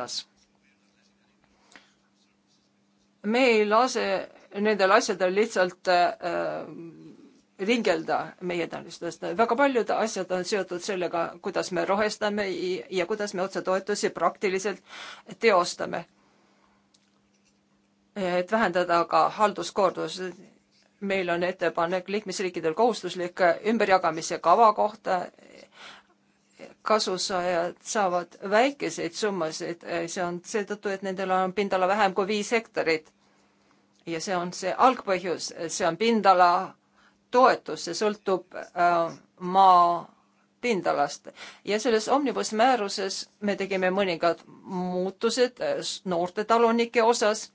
Euroopas. me ei lase nendel asjadel lihtsalt äh, ringelda meie tänastest. väga paljud asjad on seotud sellega, kuidas me rohestame ja kuidas me otsetoetusi praktiliselt teostame. et vähendada ka halduskoormus. meil on ettepanek liikmesriikidel kohustuslik ümberjagamise kava kohta kasusaajad saavad väikeseid summasid, eh, see on seetõttu, et nendel on pindala vähem kui viis hektarit. ja see on see algpõhjus, see on pindala toetus, see sõltub äh, maa pindalast ja selles omnibus määruses me tegime mõningad muutused eh, noorte talunike osas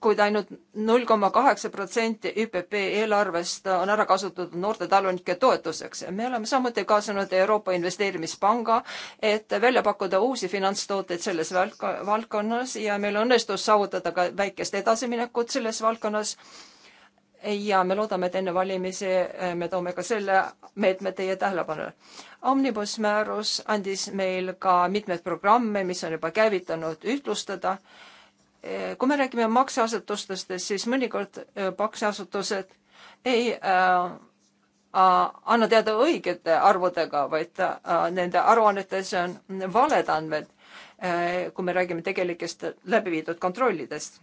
kuid ainult null koma kaheksa protsenti ÜPP eelarvest on ära kasutatud noorte talunike toetuseks. me oleme samuti kaasanud Euroopa Investeerimispanga, et välja pakkuda uusi finantstooteid selles valdkonnas ja meil õnnestus saavutada ka väikest edasiminekut selles valdkonnas. ja me loodame, et enne valimisi äh, me toome ka selle meetme teie tähelepanule. Omnibus määrus andis meil ka mitmeid programme, mis on juba käivitanud, ühtlustada kui me räägime makseasutustest, siis mõnikord makseasutused äh, ei äh, äh, anna teada õigete arvudega, vaid äh, nende aruannetes on valed andmed äh,, kui me räägime tegelikest läbiviidud kontrollidest.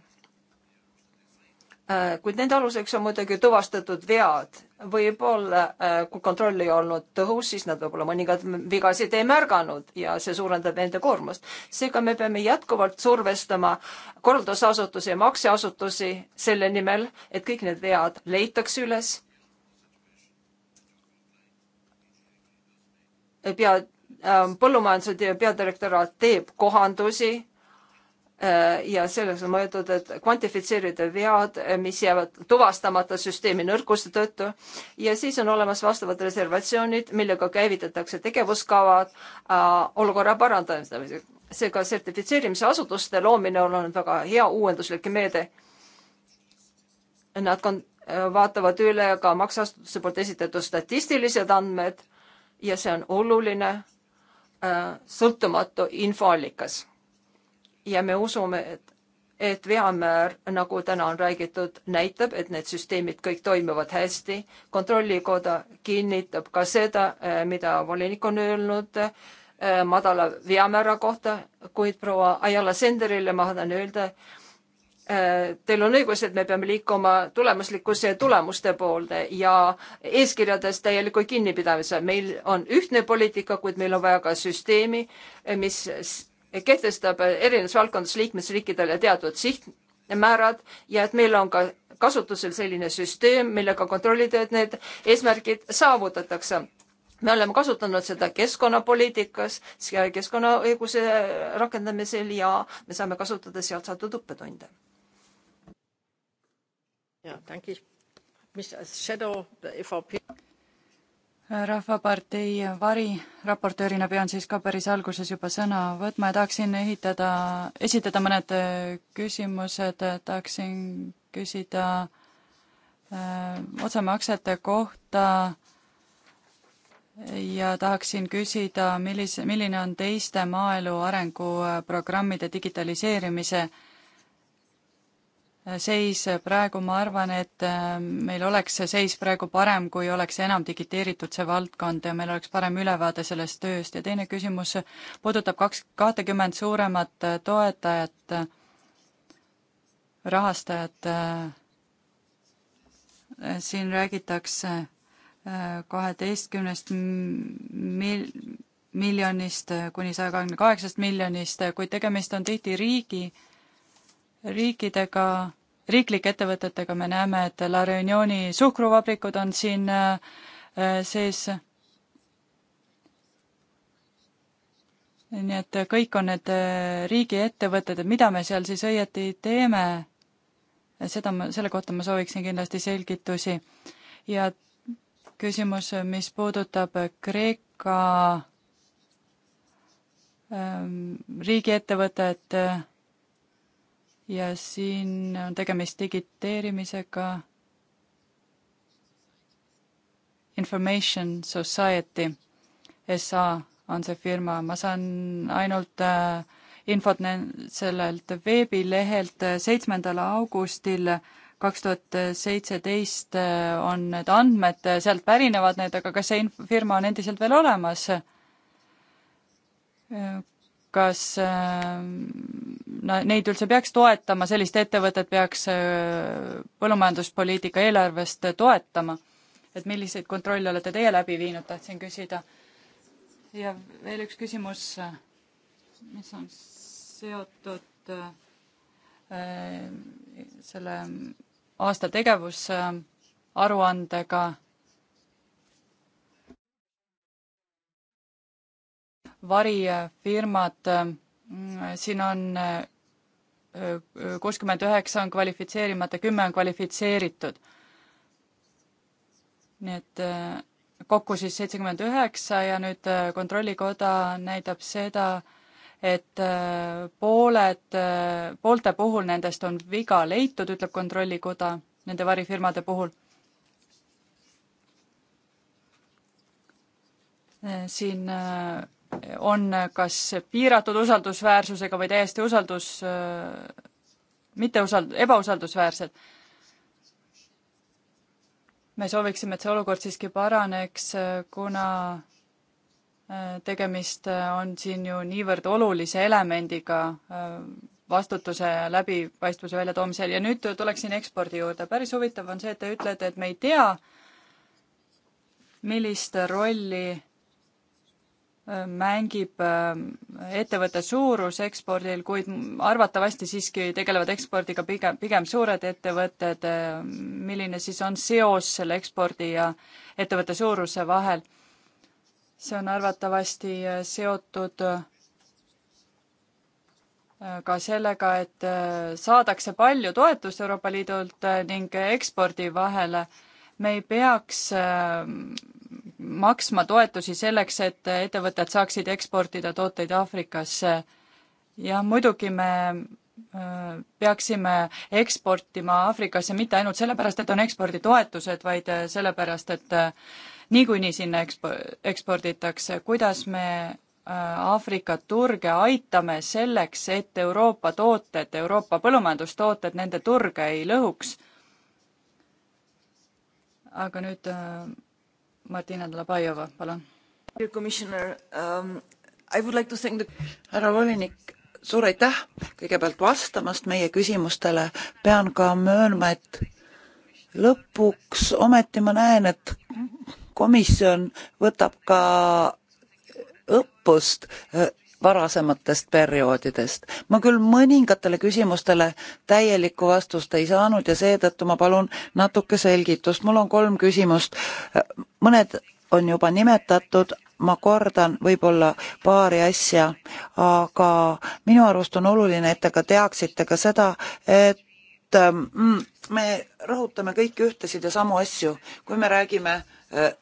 Äh, kuid nende aluseks on muidugi tuvastatud vead. võib-olla äh, kui kontroll ei olnud tõhus, siis nad võib-olla mõningaid vigasid ei märganud ja see suurendab nende koormust. seega me peame jätkuvalt survestama korraldusasutusi ja makseasutusi selle nimel, et kõik need vead leitakse üles. pea, äh, põllumajanduse peadirektoraat teeb kohandusi Äh, ja selleks on mõeldud, et kvantifitseerida vead, äh, mis jäävad tuvastamata süsteemi nõrkuste tõttu ja siis on olemas vastavad reservatsioonid, millega käivitatakse tegevuskavad äh, olukorra parandamiseks. seega sertifitseerimise asutuste loomine on olnud väga hea uuenduslik meede. Nad vaatavad üle ka makseasutuse poolt esitatud statistilised andmed ja see on oluline sõltumatu infoallikas ja me usume, et, et veamäär, nagu täna on räägitud, näitab, et need süsteemid kõik toimivad hästi. kontrollikoda kinnitab ka seda, eh, mida volinik on öelnud eh, madala veamäära kohta, kuid proua Ajala Senderile ma tahan öelda, eh, Teil on õigus, et me peame liikuma tulemuslikkuse ja tulemuste poolde ja eeskirjades täieliku kinnipidamise. meil on ühtne poliitika, kuid meil on vaja ka süsteemi, mis kehtestab erinevates valdkondades liikmesriikidele teatud sihtmäärad ja et meil on ka kasutusel selline süsteem, millega kontrollida, et need eesmärgid saavutatakse. me oleme kasutanud seda keskkonnapoliitikas, keskkonnaõiguse rakendamisel ja me saame kasutada sealt saadud õppetunde. ja tänki, mis äh, shadow äh, EVP rahvapartei variraportöörina pean siis ka päris alguses juba sõna võtma ja tahaksin ehitada, esitada mõned äh, küsimused, tahaksin küsida öö, äh, otsemaksete kohta ja tahaksin küsida, millise, milline on teiste maaelu arenguprogrammide digitaliseerimise öö, seis praegu, ma arvan, et äh, meil oleks see seis praegu parem, kui oleks enam digiteeritud see valdkond ja meil oleks parem ülevaade sellest tööst ja teine küsimus puudutab kaks, kahtekümmend suuremat äh, toetajat, äh, rahastajat. siin räägitakse kaheteistkümnest mil-, miljonist kuni saja kahekümne kaheksast miljonist, kuid tegemist on tihti riigi riikidega, riiklike ettevõtetega, me näeme, et La Reunioni suhkruvabrikud on siin äh, sees. nii et kõik on need äh, riigiettevõtted, et mida me seal siis õieti teeme, seda ma, selle kohta ma sooviksin kindlasti selgitusi. ja küsimus, mis puudutab Kreeka ähm, riigiettevõtet, äh, ja siin on tegemist digiteerimisega Information Society SA on see firma, ma saan ainult äh, infot sellelt veebilehelt seitsmendal augustil kaks tuhat seitseteist äh, on need andmed, äh, sealt pärinevad need, aga kas see firma on endiselt veel olemas? kas ähm, no, neid üldse peaks toetama, sellist ettevõtet peaks äh, põllumajanduspoliitika eelarvest toetama? et milliseid kontrolle olete teie läbi viinud, tahtsin küsida. ja veel üks küsimus, mis on seotud äh, selle aasta tegevusaruandega äh, varifirmad, mm, siin on äh, äh, kuuskümmend üheksa on kvalifitseerimata, kümme on kvalifitseeritud. nii et äh, kokku siis seitsekümmend üheksa ja nüüd Kontrollikoda näitab seda, et pooled, poolte puhul nendest on viga leitud, ütleb Kontrollikoda nende varifirmade puhul. siin on kas piiratud usaldusväärsusega või täiesti usaldus, mitte usald-, ebausaldusväärsed. me sooviksime, et see olukord siiski paraneks, kuna äh, tegemist äh, on siin ju niivõrd olulise elemendiga äh, vastutuse ja läbipaistvuse väljatoomisel ja nüüd tuleksin ekspordi juurde. päris huvitav on see, et te ütlete, et me ei tea, millist rolli mängib äh, ettevõtte suurus ekspordil, kuid arvatavasti siiski tegelevad ekspordiga pigem, pigem suured ettevõtted. Äh, milline siis on seos selle ekspordi ja ettevõtte suuruse vahel? see on arvatavasti äh, seotud ka sellega, et saadakse palju toetust Euroopa Liidult ning ekspordi vahele. me ei peaks maksma toetusi selleks, et ettevõtted saaksid eksportida tooteid Aafrikasse. jah, muidugi me äh, peaksime eksportima Aafrikasse mitte ainult sellepärast, et on eksporditoetused, vaid äh, sellepärast, et äh, niikuinii sinna ekspo-, eksporditakse, kuidas me Aafrika turge aitame selleks, et Euroopa tooted, Euroopa põllumajandustooted nende turge ei lõhuks. aga nüüd Martina Dlabajova, palun. Um, härra volinik, suur aitäh kõigepealt vastamast meie küsimustele. pean ka möönma, et lõpuks ometi ma näen, et komisjon võtab ka õppust varasematest perioodidest. ma küll mõningatele küsimustele täielikku vastust ei saanud ja seetõttu ma palun natuke selgitust. mul on kolm küsimust. mõned on juba nimetatud, ma kordan võib-olla paari asja, aga minu arust on oluline, et te ka teaksite ka seda, et ähm, me rõhutame kõiki ühtesid ja samu asju, kui me räägime äh,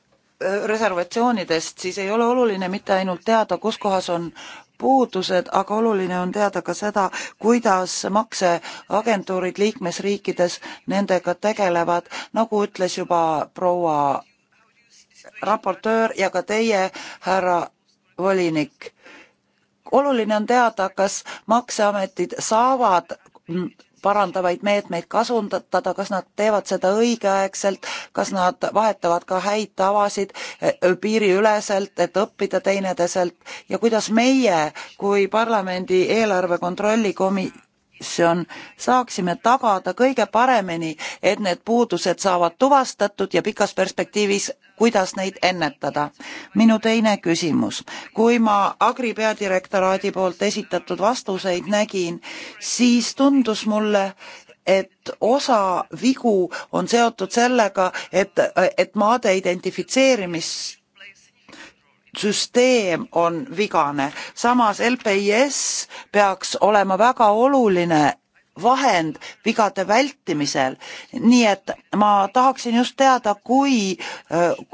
reservatsioonidest, siis ei ole oluline mitte ainult teada, kus kohas on puudused, aga oluline on teada ka seda, kuidas makseagentuurid liikmesriikides nendega tegelevad, nagu ütles juba proua raportöör ja ka teie, härra volinik. oluline on teada, kas makseametid saavad parandavaid meetmeid kasutada, kas nad teevad seda õigeaegselt, kas nad vahetavad ka häid tavasid eh, eh, piiriüleselt, et õppida teineteiselt ja kuidas meie kui parlamendi eelarve kontrolli komi-, see on, saaksime tagada kõige paremini, et need puudused saavad tuvastatud ja pikas perspektiivis, kuidas neid ennetada. minu teine küsimus. kui ma Agri peadirektoraadi poolt esitatud vastuseid nägin, siis tundus mulle, et osa vigu on seotud sellega, et, et maade identifitseerimist süsteem on vigane. samas LPIS peaks olema väga oluline vahend vigade vältimisel. nii et ma tahaksin just teada, kui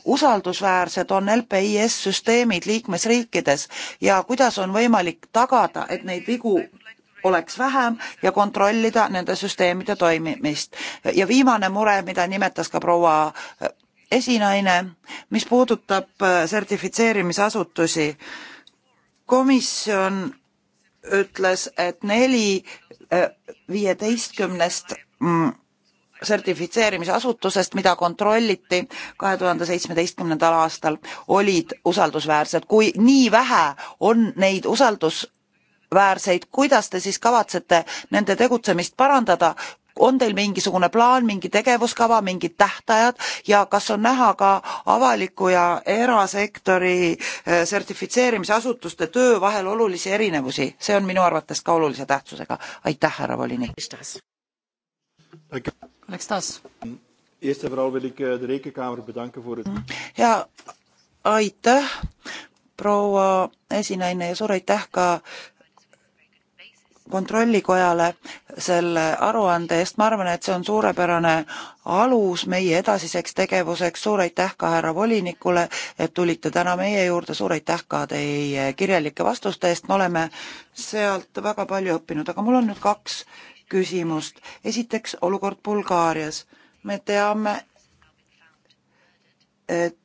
usaldusväärsed on LPIS süsteemid liikmesriikides ja kuidas on võimalik tagada, et neid vigu oleks vähem ja kontrollida nende süsteemide toimimist. ja viimane mure, mida nimetas ka proua esinaine, mis puudutab äh, sertifitseerimisasutusi. komisjon ütles, et neli äh, viieteistkümnest mm, sertifitseerimisasutusest, mida kontrolliti kahe tuhande seitsmeteistkümnendal aastal, olid usaldusväärsed. kui nii vähe on neid usaldus väärseid, kuidas te siis kavatsete nende tegutsemist parandada, on teil mingisugune plaan, mingi tegevuskava, mingid tähtajad ja kas on näha ka avaliku ja erasektori eh, sertifitseerimisasutuste töö vahel olulisi erinevusi, see on minu arvates ka olulise tähtsusega. aitäh, härra volinik. Alex Taas. Eerst en vooral wil ik eh, de Rekenkamer bedanken voor het. Mhm. ja, aitäh proua esinaine ja suur aitäh ka kontrollikojale selle aruande eest, ma arvan, et see on suurepärane alus meie edasiseks tegevuseks, suur aitäh ka härra volinikule, et tulite täna meie juurde, suur aitäh ka teie kirjalike vastuste eest, me oleme sealt väga palju õppinud, aga mul on nüüd kaks küsimust. esiteks olukord Bulgaarias, me teame, et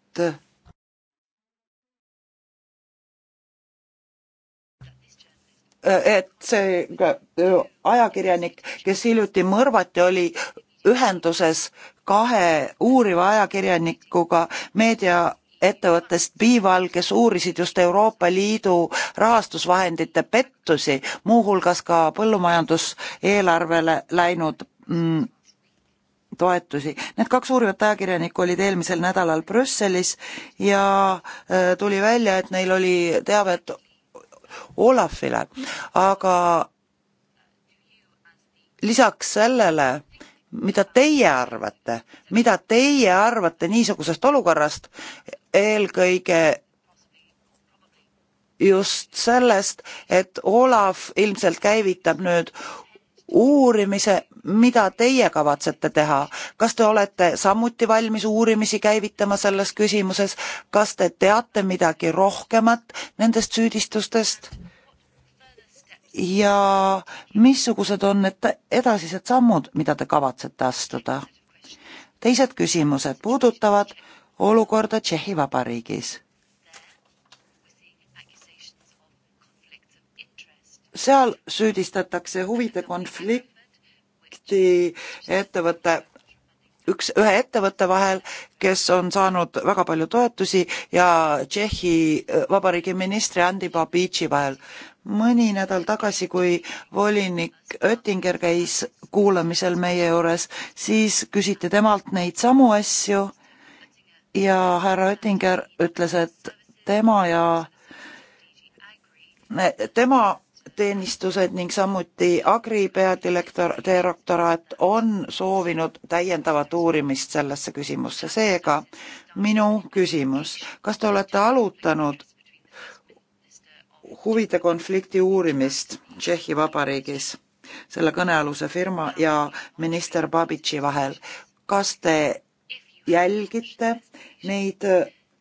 et see ajakirjanik, kes hiljuti mõrvati, oli ühenduses kahe uuriva ajakirjanikuga meedia ettevõttest Bival, kes uurisid just Euroopa Liidu rahastusvahendite pettusi, muuhulgas ka põllumajanduseelarvele läinud mm, toetusi. Need kaks uurivat ajakirjanikku olid eelmisel nädalal Brüsselis ja tuli välja, et neil oli teavet Olafile, aga lisaks sellele, mida teie arvate, mida teie arvate niisugusest olukorrast, eelkõige just sellest, et Olav ilmselt käivitab nüüd uurimise, mida teie kavatsete teha, kas te olete samuti valmis uurimisi käivitama selles küsimuses, kas te teate midagi rohkemat nendest süüdistustest? ja missugused on need edasised sammud, mida te kavatsete astuda? teised küsimused puudutavad olukorda Tšehhi Vabariigis seal süüdistatakse huvide konflikti ettevõtte üks, ühe ettevõtte vahel, kes on saanud väga palju toetusi ja Tšehhi äh, Vabariigi ministri Andi Babici vahel. mõni nädal tagasi, kui volinik Oettinger käis kuulamisel meie juures, siis küsiti temalt neid samu asju ja härra Oettinger ütles, et tema ja tema teenistused ning samuti Agri peadirektoraat on soovinud täiendavat uurimist sellesse küsimusse. seega minu küsimus, kas te olete alutanud huvide konflikti uurimist Tšehhi Vabariigis selle kõnealuse firma ja minister Babitši vahel? kas te jälgite neid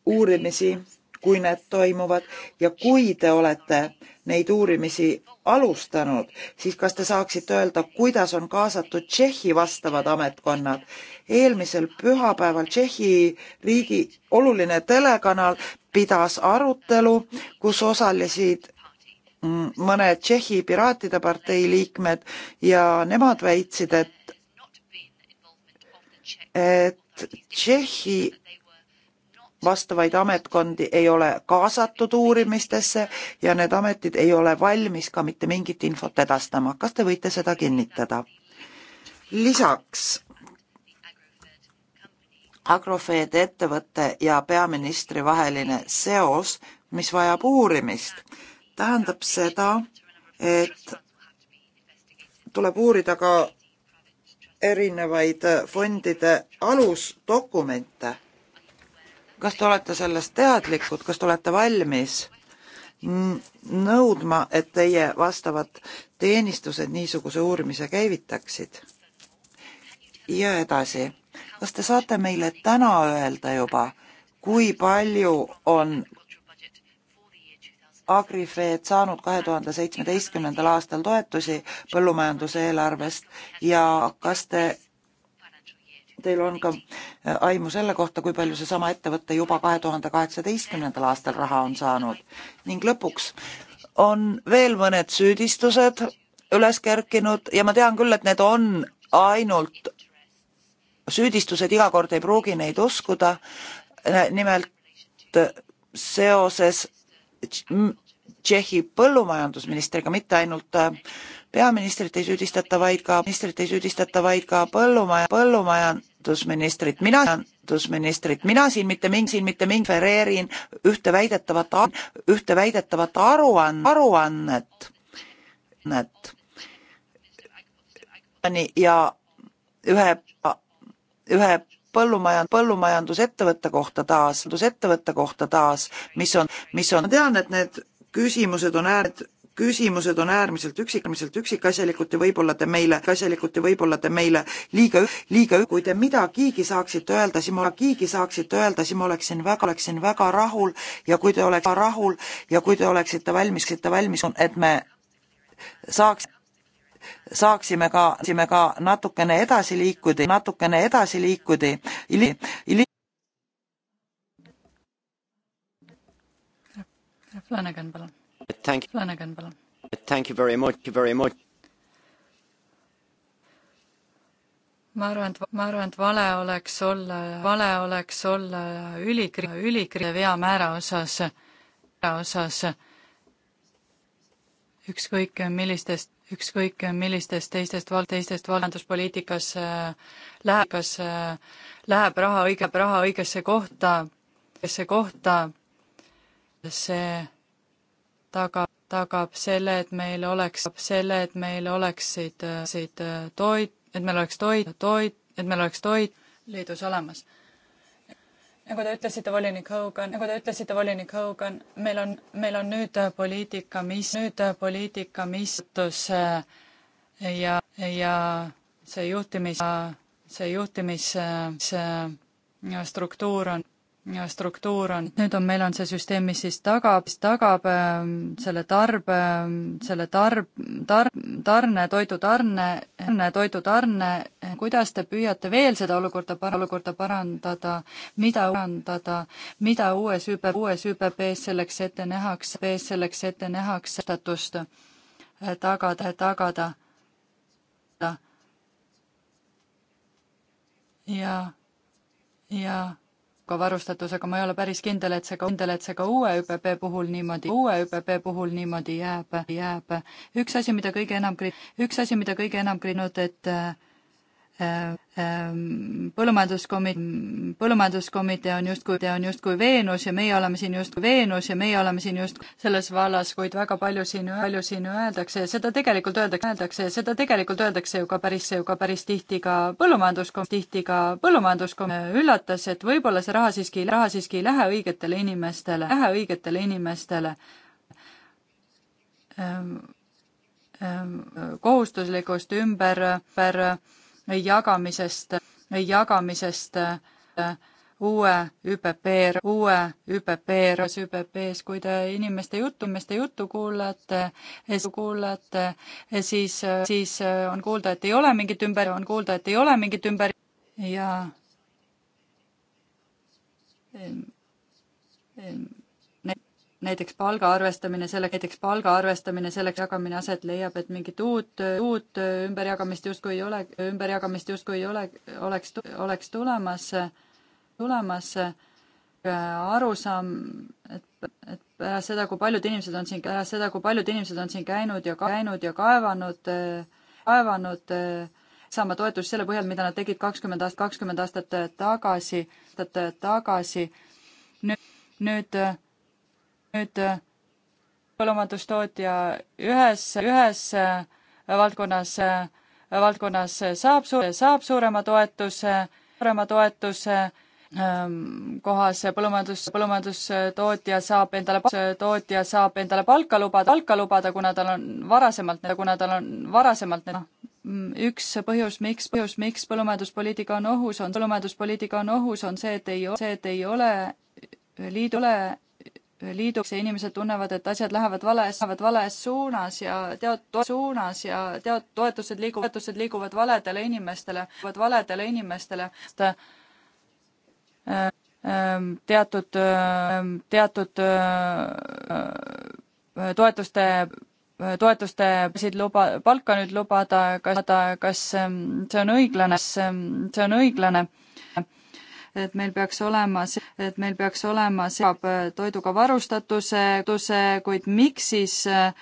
uurimisi kui need toimuvad ja kui te olete neid uurimisi alustanud, siis kas te saaksite öelda, kuidas on kaasatud Tšehhi vastavad ametkonnad? eelmisel pühapäeval Tšehhi riigi oluline telekanal pidas arutelu, kus osalesid mm, mõned Tšehhi Piraatide partei liikmed ja nemad väitsid, et et Tšehhi vastavaid ametkondi ei ole kaasatud uurimistesse ja need ametid ei ole valmis ka mitte mingit infot edastama. kas te võite seda kinnitada? lisaks Agrofed ettevõtte ja peaministri vaheline seos, mis vajab uurimist, tähendab seda, et tuleb uurida ka erinevaid fondide alusdokumente kas te olete sellest teadlikud, kas te olete valmis nõudma, et teie vastavad teenistused niisuguse uurimise käivitaksid? ja edasi, kas te saate meile täna öelda juba, kui palju on Agrifed saanud kahe tuhande seitsmeteistkümnendal aastal toetusi põllumajanduse eelarvest ja kas te teil on ka äh, aimu selle kohta, kui palju seesama ettevõte juba kahe tuhande kaheksateistkümnendal aastal raha on saanud. ning lõpuks on veel mõned süüdistused üles kerkinud ja ma tean küll, et need on ainult süüdistused, iga kord ei pruugi neid uskuda. nimelt äh, seoses Tšehhi põllumajandusministriga, mitte ainult äh, peaministrit ei süüdistata, vaid ka ministrit ei süüdistata, vaid ka põllumaja, põllumaja rahandusministrit, mina, rahandusministrit, mina siin mitte mingi, siin mitte mingi, refereerin ühte väidetavat, ühte väidetavat aruan-, aruannet, et ja ühe, ühe põllumajand-, põllumajandusettevõtte kohta taas, ettevõtte kohta taas, mis on, mis on, ma tean, et need küsimused on äärmiselt küsimused on äärmiselt üksik, äärmiselt üksikasjalikud ja võib-olla te meile, asjalikud ja võib-olla te meile liiga, liiga, kui te midagigi saaksite öelda, siis ma, kiigi saaksite öelda, siis ma oleksin väga, oleksin väga rahul ja kui te oleks rahul ja kui te oleksite valmis, valmis, et me saaks saaksime ka, saaksime ka natukene edasi liikuda, natukene edasi liikuda. Flanagan, palun. Flanagan, palun. Thank you very much, very much. ma arvan, et, ma arvan, et vale oleks olla, vale oleks olla ülikri-, ülikri- veamäära osas, osas ükskõik millistest, ükskõik millistest teistest val-, teistest valduspoliitikas läheb, kas läheb raha õige, raha õigesse kohta, õigesse kohta, see taga, tagab selle, et meil oleks, selle, et meil oleksid, äh, siit äh, toit, et meil oleks toit, toit, et meil oleks toit liidus olemas. nagu te ütlesite, volinik Hogan, nagu te ütlesite, volinik Hogan, meil on, meil on nüüd äh, poliitika, mis, nüüd poliitika, mis ja, ja see juhtimis, see juhtimis, see struktuur on struktuur on, nüüd on, meil on see süsteem, mis siis tagab, mis tagab ähm, selle tarb, ähm, selle tarb, tar-, tarne, toidutarne, tarne, toidutarne, kuidas te püüate veel seda olukorda, olukorda parandada, mida parandada, mida uues ÜP, uues ÜPP-s selleks ette nähakse, B-s selleks ette nähakse, statust äh, tagada, tagada ja, ja ka varustatus, aga ma ei ole päris kindel, et see ka, kindel, et see ka uue ÜPP puhul niimoodi, uue ÜPP puhul niimoodi jääb, jääb. üks asi, mida kõige enam, üks asi, mida kõige enam krinud, et äh, Ehm, ehm, põllumajanduskomitee, põllumajanduskomitee on justkui, on justkui Veenus ja meie oleme siin justkui Veenus ja meie oleme siin justkui selles vallas, kuid väga palju siin, palju siin öeldakse ja seda tegelikult öeldakse, öeldakse ja seda tegelikult öeldakse ju ka päris, ju ka päris tihti ka põllumajanduskom-, tihti ka põllumajanduskom-, üllatas, et võib-olla see raha siiski, raha siiski ei lähe õigetele inimestele, lähe õigetele inimestele ehm, kohustuslikust ümber, ümber jagamisest, jagamisest äh, uue ÜPP, uue ÜPP, ÜPP-s, kui te inimeste juttu, inimeste juttu kuulate, kuulate, siis, siis on kuulda, et ei ole mingit ümber, on kuulda, et ei ole mingit ümber ja näiteks palga arvestamine selle, näiteks palga arvestamine selleks jagamine aset leiab, et mingit uut, uut ümberjagamist justkui ei ole, ümberjagamist justkui ei ole, oleks, oleks tulemas, tulemas äh, arusaam, et, et pärast seda, kui paljud inimesed on siin, pärast seda, kui paljud inimesed on siin käinud ja käinud ja kaevanud, kaevanud saama toetust selle põhjal, mida nad tegid kakskümmend aastat, kakskümmend aastat tagasi, aastat tagasi. nüüd, nüüd nüüd äh, põllumajandustootja ühes, ühes äh, valdkonnas, äh, valdkonnas saab suur, saab suurema toetuse, suurema toetuse ähm, kohas põllumajandus, põllumajandustootja saab endale, tootja saab endale palka lubada, palka lubada, kuna tal on varasemalt, kuna tal on varasemalt noh, üks põhjus, miks, põhjus, miks põllumajanduspoliitika on ohus, on, põllumajanduspoliitika on ohus, on see, et ei, see, et ei ole liidule liiduks ja inimesed tunnevad, et asjad lähevad vales, lähevad vales suunas ja tead-, suunas ja tead-, toetused liiguvad, toetused liiguvad valedele inimestele, valedele inimestele, ehm, teatud, ehm, teatud ehm, toetuste toetuste võisid luba, palka nüüd lubada, kas, kas see on õiglane, see on õiglane et meil peaks olema, et meil peaks olema seab toiduga varustatuse, kuid miks siis,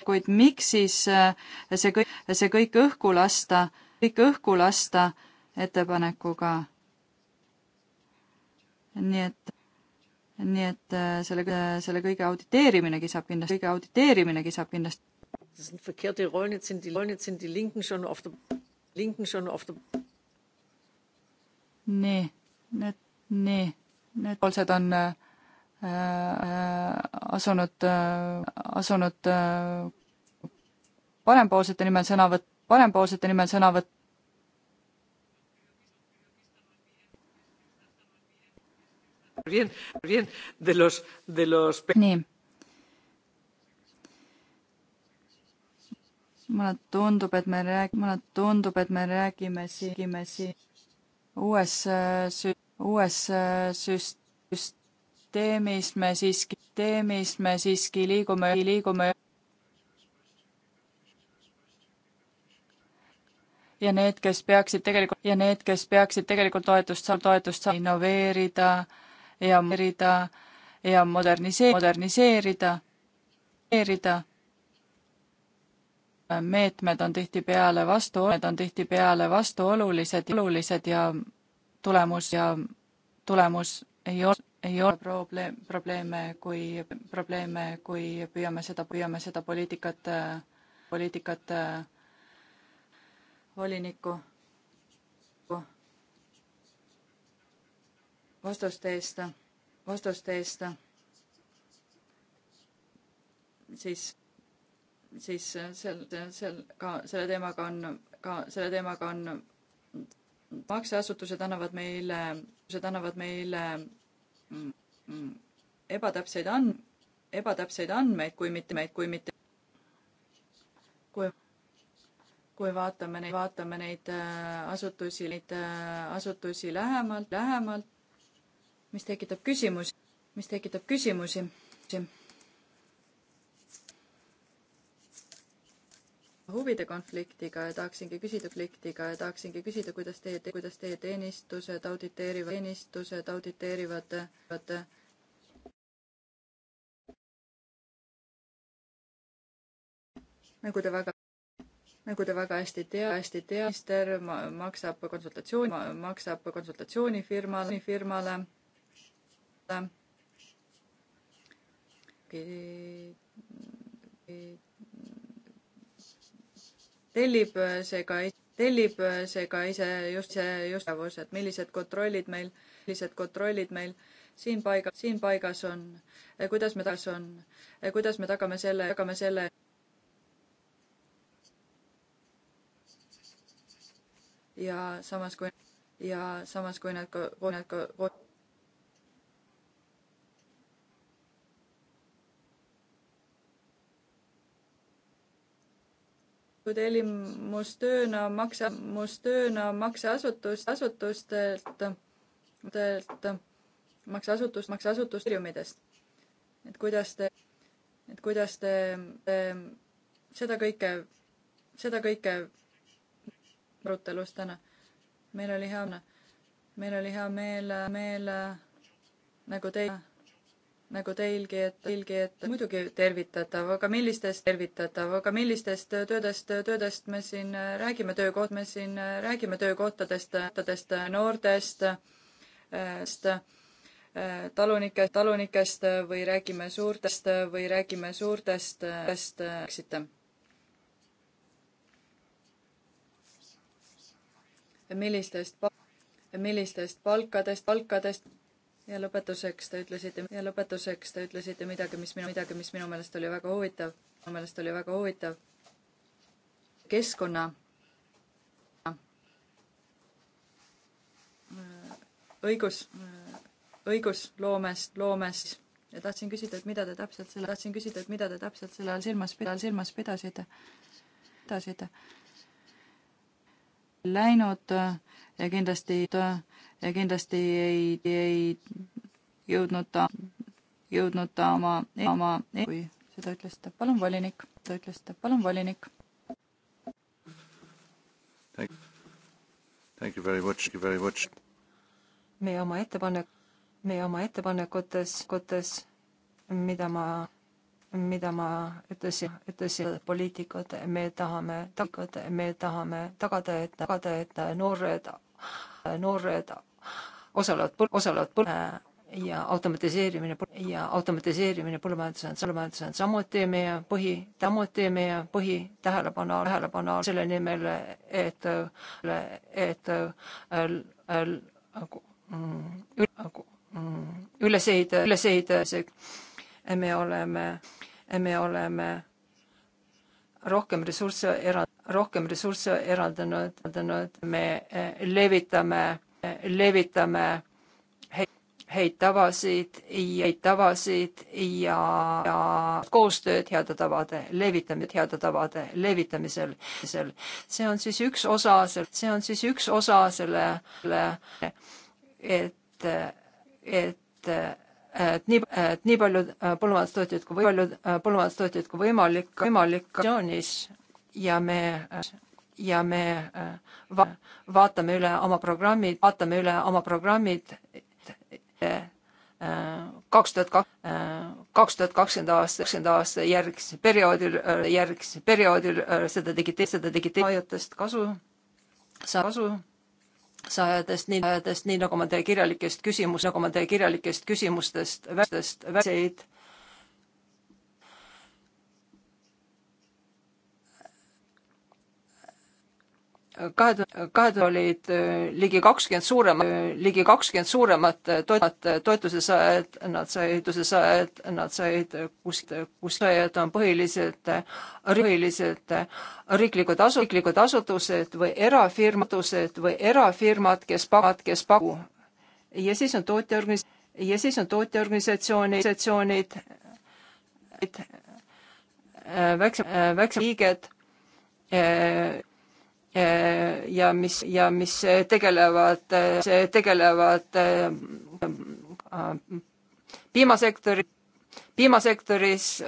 kuid miks siis see kõik, see kõik õhku lasta, kõik õhku lasta ettepanekuga. nii et, nii et selle, selle kõige auditeeriminegi saab kindlasti, kõige auditeeriminegi saab kindlasti. Das sind verkehrte Rollen, jetzt sind die, jetzt sind die Linken schon auf der, Linken schon auf der. Nee, nicht nii, need poolsed on äh, äh, asunud äh,, asunud äh, parempoolsete nimel sõna võt-, parempoolsete nimel sõna võt-. nii. mulle tundub, et me rääg-, mulle tundub, et me räägime siin, räägime siin uues äh, süü- uues äh, süsteemis me siiski, teemis me siiski liigume, liigume. ja need, kes peaksid tegelikult ja need, kes peaksid tegelikult toetust saama, toetust saama, innoveerida ja, ja modernisee-, moderniseerida, moderniseerida meetmed on tihtipeale vastu, on tihtipeale vastuolulised, olulised ja tulemus ja tulemus ei ole, ei ole probleem, probleeme, kui, probleeme, kui püüame seda, püüame seda poliitikat, poliitikat volinikku vastuste eest, vastuste eest. siis, siis seal, seal ka selle teemaga on, ka selle teemaga on makseasutused annavad meile, see annavad meile mm, mm, ebatäpseid and-, ebatäpseid andmeid, kui mitte, kui mitte, kui, kui vaatame neid, vaatame neid äh, asutusi, neid äh, asutusi lähemalt, lähemalt, mis tekitab küsimusi, mis tekitab küsimusi. huvide konfliktiga ja tahaksingi küsida konfliktiga ja tahaksingi küsida, kuidas teie, kuidas teie teenistused auditeerivad, teenistused auditeerivad nagu te väga, nagu te väga hästi tea, hästi tea, minister maksab konsultatsiooni, maksab konsultatsioonifirmale, firmale tellib äh, seega, tellib äh, seega ise just see, just tegevus, et millised kontrollid meil, millised kontrollid meil siin paigas, siin paigas on, kuidas me tagas on, kuidas me tagame selle, tagame selle. ja samas kui, ja samas kui nad, kui nad, kui nad tellimustööna makse, mustööna makseasutust, asutustelt, telt, makseasutust, makseasutust, firmidest. et kuidas te, et kuidas te, te seda kõike, seda kõike arutelus täna. meil oli hea, meil oli hea meel, meel nagu teie nagu teilgi, et, teilgi, et muidugi tervitatav, aga millistest, tervitatav, aga millistest töödest, töödest me siin äh, räägime, töökoht, me siin äh, räägime töökohtadest, kohtadest, äh, noortest, talunike, talunikest või räägime suurtest või räägime suurtest, sest eksite. millistest, millistest palkadest, palkadest ja lõpetuseks te ütlesite ja lõpetuseks te ütlesite midagi, mis minu, midagi, mis minu meelest oli väga huvitav, minu meelest oli väga huvitav. keskkonna õigus, õigusloomest, loomest ja tahtsin küsida, et mida te täpselt selle, tahtsin küsida, et mida te täpselt selle all silmas, silmas pidasite, pidasite. Läinud ja kindlasti ja kindlasti ei, ei jõudnud ta, jõudnud ta oma, oma, kui seda ütles ta, palun volinik, ta ütles ta, palun volinik. Thank you very much, thank you very much. meie oma ettepanek, meie oma ettepanekutes, kotes, mida ma, mida ma ütlesin, ütlesin, poliitikud, me tahame, me tahame tagada, et, tagada, et noored, noored osalevad, osalevad ja automatiseerimine ja automatiseerimine põllumajanduses, põllumajanduses on samuti meie põhi, samuti meie põhitähelepanu, tähelepanu selle nimel, et, et üles ehitada, üles ehitada, me oleme, me oleme rohkem ressursse era-, rohkem ressursse eraldanud, eraldanud, me levitame levitame häid tavasid ja häid tavasid ja, ja koostööd heade tavade levitamine, heade tavade levitamisel. see on siis üks osa, see on siis üks osa selle, et, et et nii, et nii palju äh, põllumajandustootjaid kui palju äh, põllumajandustootjaid kui võimalik, võimalik ja me ja me äh, va vaatame üle oma programmid, vaatame üle oma programmid äh, kaks tuhat kaks, äh, kaks tuhat kakskümmend aasta, kakskümmend aasta järgmisel perioodil, järgmisel perioodil seda digite-, seda digiteerimisajatest kasu, kasu saajatest, nii, saajatest, nii nagu ma teie kirjalikest küsimus, nagu ma teie kirjalikest küsimustest, väljastest, väliseid kahe tuhande, kahe tuhande olid äh, ligi kakskümmend suuremat, ligi kakskümmend suuremat äh, toet-, toetuse saajad, nad said, toetuse saajad, nad said, äh, kus, kus saajad on põhiliselt, põhiliselt riiklikud asu-, riiklikud asutused või erafirmadused või erafirmad, kes pakuvad, kes paku-. ja siis on tootjaorganis-, ja siis on tootjaorganisatsioonid, organisatsioonid, väiksem, väiksem liiget äh,, Eh, ja mis, ja mis tegelevad, eh, tegelevad eh, piimasektori piimasektoris,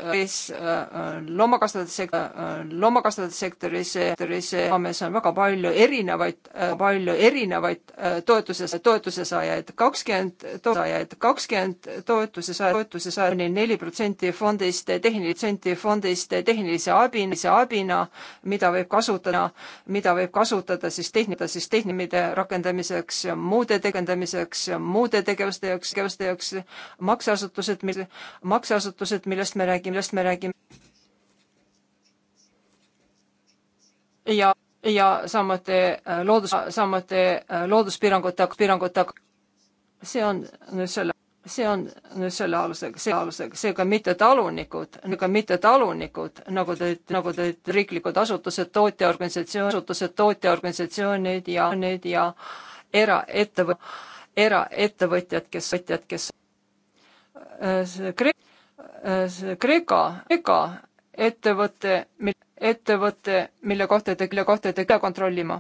loomakasvatussektor, äh, loomakasvatussektoris, äh, sektoris Soomes äh, on väga palju erinevaid, palju erinevaid toetuse, toetuse saajaid, kakskümmend saajaid, kakskümmend toetuse saaja, toetuse saaja kuni neli protsenti fondist, tehnilise fondist tehnilise abinise abina, mida võib kasutada, mida võib kasutada siis tehnika, siis tehniline rakendamiseks, muude tegendamiseks, muude tegevuste jaoks, tegevuste jaoks, makseasutused, makseasutused finantsasutused, millest me räägime, millest me räägime. ja, ja samuti äh, loodus, samuti äh, looduspiirangute, piirangute, see on nüüd selle, see on nüüd selle alusega, see alusega, seega mitte talunikud, ega mitte talunikud, nagu te, nagu te, riiklikud asutused, tootjaorganisatsioon, asutused, tootjaorganisatsioonid ja need ja eraettevõtjad, eraettevõtjad, kes, kes äh, Kreek-. Kreeka, Kreeka ettevõte, ettevõte, mille kohta te, mille kohta te peate kontrollima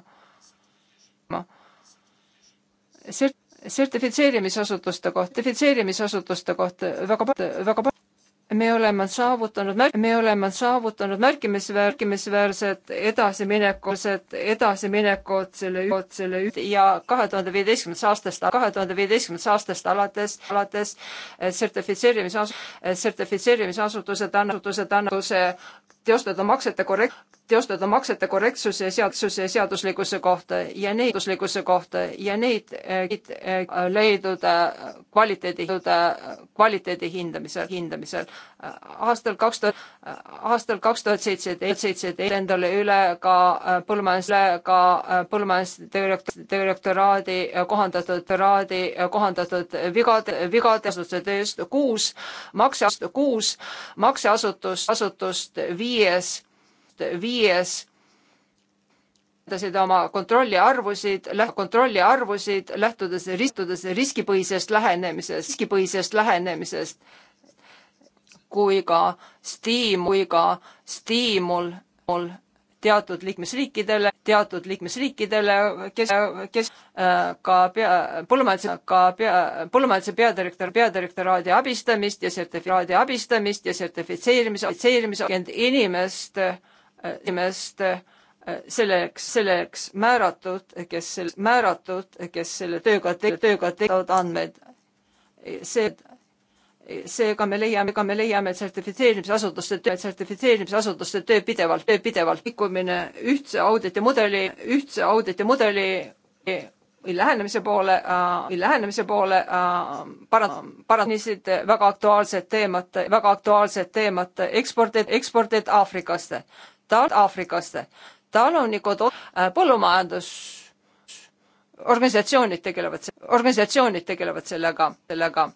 sert-, sertifitseerimisasutuste kohta, sertifitseerimisasutuste kohta väga, väga me oleme saavutanud, me oleme saavutanud märkimisväär, märkimisväärsed edasiminekused, edasiminekud selle, selle ja kahe tuhande viieteistkümnendast aastast, kahe tuhande viieteistkümnendast aastast alates, alates eh, sertifitseerimisas-, eh, sertifitseerimisasutused, annetused, annetuse teostada maksete korrekt-, teostada maksete korrektsuse seaduse seaduslikkuse kohta ja neid seaduslikkuse kohta ja neid, neid eh, eh, leiduda eh, kvaliteedi, kvaliteedi hindamisel, hindamisel. aastal kaks tuhat, aastal kaks tuhat seitseteist, seitseteist endale üle ka põllumajandus, üle ka põllumajandusdirektor, direktoraadi kohandatud, raadi kohandatud vigade, vigade asutuse tööst kuus, makseasutust kuus, makseasutust, asutust viis, viies, viies hindasid oma kontrolli arvusid, kontrolli arvusid, lähtudes, ristudes riskipõhisest lähenemisest, riskipõhisest lähenemisest kui ka stiim, kui ka stiimul teatud liikmesriikidele, teatud liikmesriikidele, kes, kes äh, ka pea, põllumajanduse, ka pea, põllumajanduse peadirektor, peadirektoraadi abistamist ja sertifikaadi abistamist ja sertifitseerimise, sertifitseerimise inimest, inimest äh, selleks, selleks määratud, kes, määratud, kes selle tööga, tööga teevad andmeid. see seega me leiame, ega me leiame, et sertifitseerimisasutuste töö, sertifitseerimisasutuste töö pidevalt, töö pidevalt liikumine ühtse auditimudeli, ühtse auditimudeli või lähenemise poole äh,, või lähenemise poole äh, para-, paranesid väga aktuaalsed teemad, väga aktuaalsed teemad, ekspordid, ekspordid Aafrikasse, tal-, Aafrikasse, talunikud äh,, põllumajandus, organisatsioonid tegelevad, organisatsioonid tegelevad sellega, sellega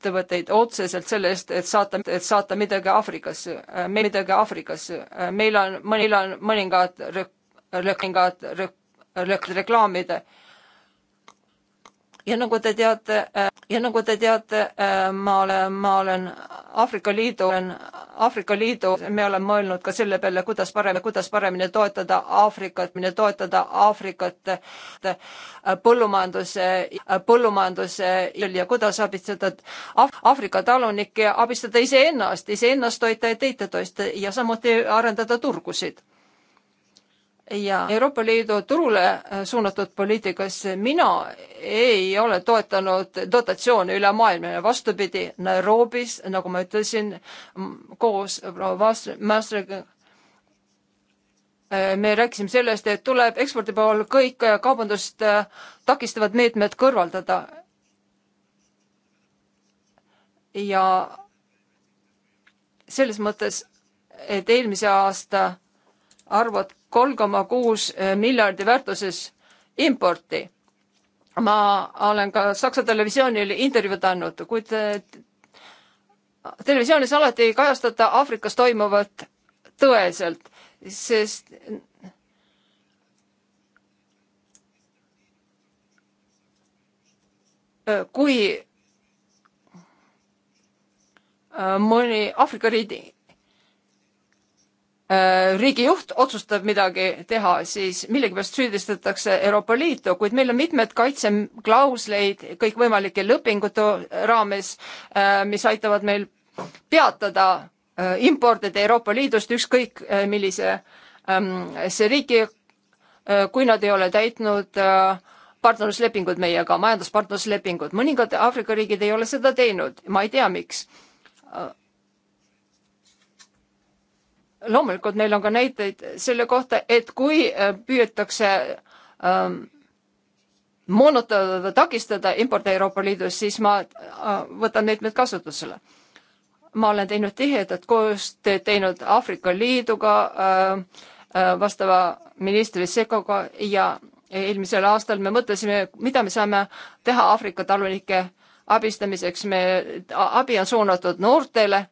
ettevõtteid otseselt selle eest, et saata, et saata midagi Aafrikasse, äh, midagi Aafrikasse. Äh, meil on, meil on mõningad, mõningad reklaamid, ja nagu te teate äh, ja nagu te teate, äh, ma olen, ma olen Aafrika Liidu, olen Aafrika Liidu, me oleme mõelnud ka selle peale, kuidas parem, kuidas paremini toetada Aafrikat, toetada Aafrikat äh, põllumajanduse, põllumajanduse ja kuidas abistada Aafrika talunikke, abistada iseennast, iseennast toita ja teid toita ja samuti arendada turgusid ja Euroopa Liidu turule äh, suunatud poliitikas mina ei ole toetanud dotatsioone üle maailma, vastupidi, Nairobis, nagu ma ütlesin, koos proua Maastriga äh, me rääkisime sellest, et tuleb ekspordi pool kõik äh, kaubandust takistavad meetmed kõrvaldada. ja selles mõttes, et eelmise aasta arvud kolm koma kuus eh, miljardi väärtuses importi. ma olen ka Saksa televisioonile intervjuud andnud, kuid eh, televisioonis alati ei kajastata Aafrikas toimuvat tõeselt, sest eh, kui mõni Aafrika riigi Äh, riigijuht otsustab midagi teha, siis millegipärast süüdistatakse Euroopa Liitu, kuid meil on mitmed kaitseklausleid kõikvõimalike lepingute raames, äh, mis aitavad meil peatada äh, impordida Euroopa Liidust ükskõik millise ähm, see riigi, kui nad ei ole täitnud partnerluslepingud meiega, majanduspartnerluslepingud, mõningad Aafrika riigid ei ole seda teinud, ma ei tea, miks loomulikult meil on ka näiteid selle kohta, et kui äh, püütakse ähm, moonutada või takistada importi Euroopa Liidus, siis ma äh, võtan neid nüüd kasutusele. ma olen teinud tihedat koostööd teinud Aafrika Liiduga äh,, äh, vastava ministri Sekoga ja eelmisel aastal me mõtlesime, mida me saame teha Aafrika talunike abistamiseks, me, abi on suunatud noortele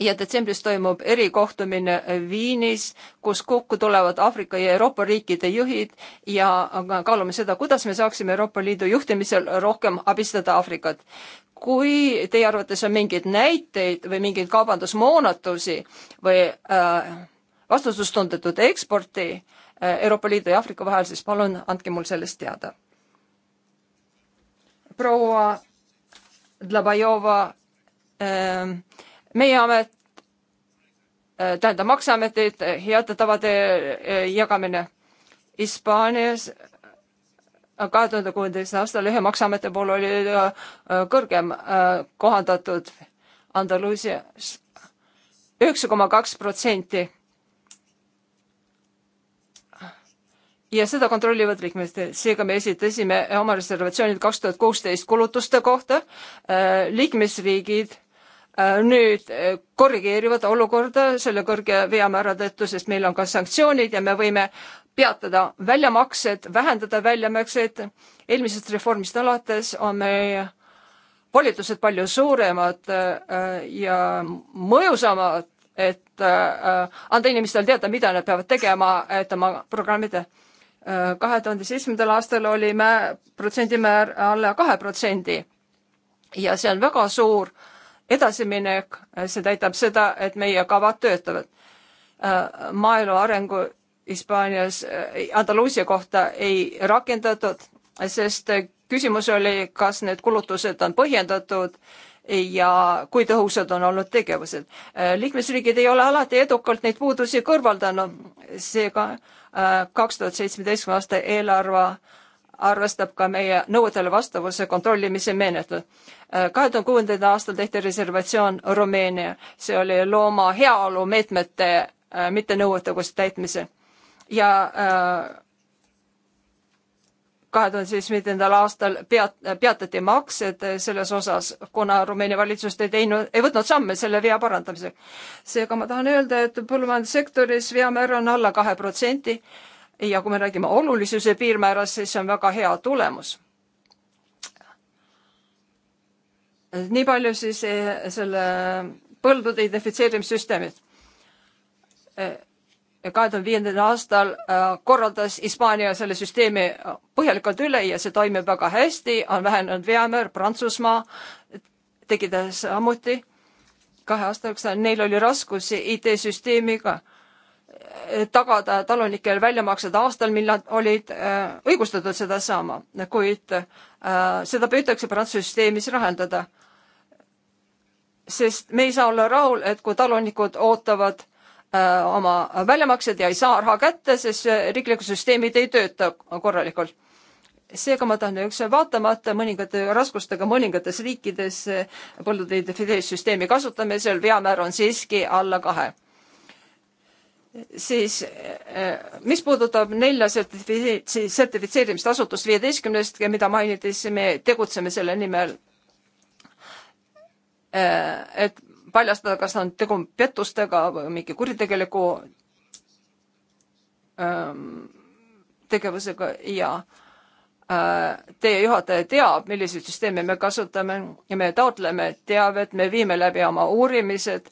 ja detsembris toimub erikohtumine Viinis, kus kokku tulevad Aafrika ja Euroopa riikide juhid ja kaalume seda, kuidas me saaksime Euroopa Liidu juhtimisel rohkem abistada Aafrikat. kui teie arvates on mingeid näiteid või mingeid kaubandusmoonutusi või äh, vastutustundetud eksporti äh, Euroopa Liidu ja Aafrika vahel, siis palun andke mul sellest teada. proua Dlabajova äh, meie amet, äh, tähendab Maksuametit, heade tavade äh, jagamine Hispaanias äh, kahe tuhande kuueteist aastal ühe maksuameti puhul oli kõrgem kohandatud Andaluusias üheksa koma kaks protsenti. ja seda kontrollivad liikmed, seega me esitasime oma reservatsioonid kaks tuhat kuusteist kulutuste kohta. liikmesriigid Äh, nüüd äh, korrigeerivad olukorda selle kõrge veamäära tõttu, sest meil on ka sanktsioonid ja me võime peatada väljamaksed, vähendada väljamaksed. eelmisest reformist alates on meie volitused palju suuremad äh, ja mõjusamad, et anda inimestele teada, mida nad peavad tegema, et oma programmide kahe tuhande seitsmendal aastal oli määr, protsendimäär alla kahe protsendi. ja see on väga suur äh, edasiminek, see täitab seda, et meie kavad töötavad. Äh, maaelu arengu Hispaanias äh, Andaluusia kohta ei rakendatud, sest küsimus oli, kas need kulutused on põhjendatud ja kui tõhusad on olnud tegevused. Äh, liikmesriigid ei ole alati edukalt neid puudusi kõrvaldanud, seega kaks tuhat seitsmeteistkümne aasta eelarve arvestab ka meie nõuetele vastavuse kontrollimise menetlus. Äh, kahe tuhande kuuendal aastal tehti reservatsioon Rumeenia, see oli looma heaolu meetmete äh, mittenõuetekohase täitmise ja äh, kahe tuhande seitsmendal aastal peat-, peatati maksed selles osas, kuna Rumeenia valitsus ei teinud, ei võtnud samme selle vea parandamisega. seega ma tahan öelda, et põllumajandussektoris veamäär on alla kahe protsendi ja kui me räägime olulisuse piirmäärast, siis see on väga hea tulemus. nii palju siis eh, selle põldude identifitseerimissüsteemist. Eh, kahe tuhande viiendal aastal eh, korraldas Hispaania selle süsteemi põhjalikult üle ja see toimib väga hästi, on vähenenud veamäär, Prantsusmaa tegi ta samuti kahe aasta jooksul, neil oli raskusi IT-süsteemiga tagada talunikel väljamaksed aastal, mil nad olid äh, õigustatud seda saama, kuid äh, seda püütakse Prantsuse süsteemis lahendada. sest me ei saa olla rahul, et kui talunikud ootavad äh, oma väljamaksed ja ei saa raha kätte, sest riiklikud süsteemid ei tööta korralikult seega ma tahan öelda, vaatamata mõningate raskustega mõningates riikides põldude identiteetsüsteemi kasutamisel veamäär on siiski alla kahe siis eh, eh, mis puudutab nelja sertifitseerimist asutust viieteistkümnest, mida mainiti, siis me tegutseme selle nimel, eh, et paljastada, kas on tegu pettustega või mingi kuritegeliku ehm, tegevusega ja teie juhataja teab, milliseid süsteeme me kasutame ja me taotleme teavet, me viime läbi oma uurimised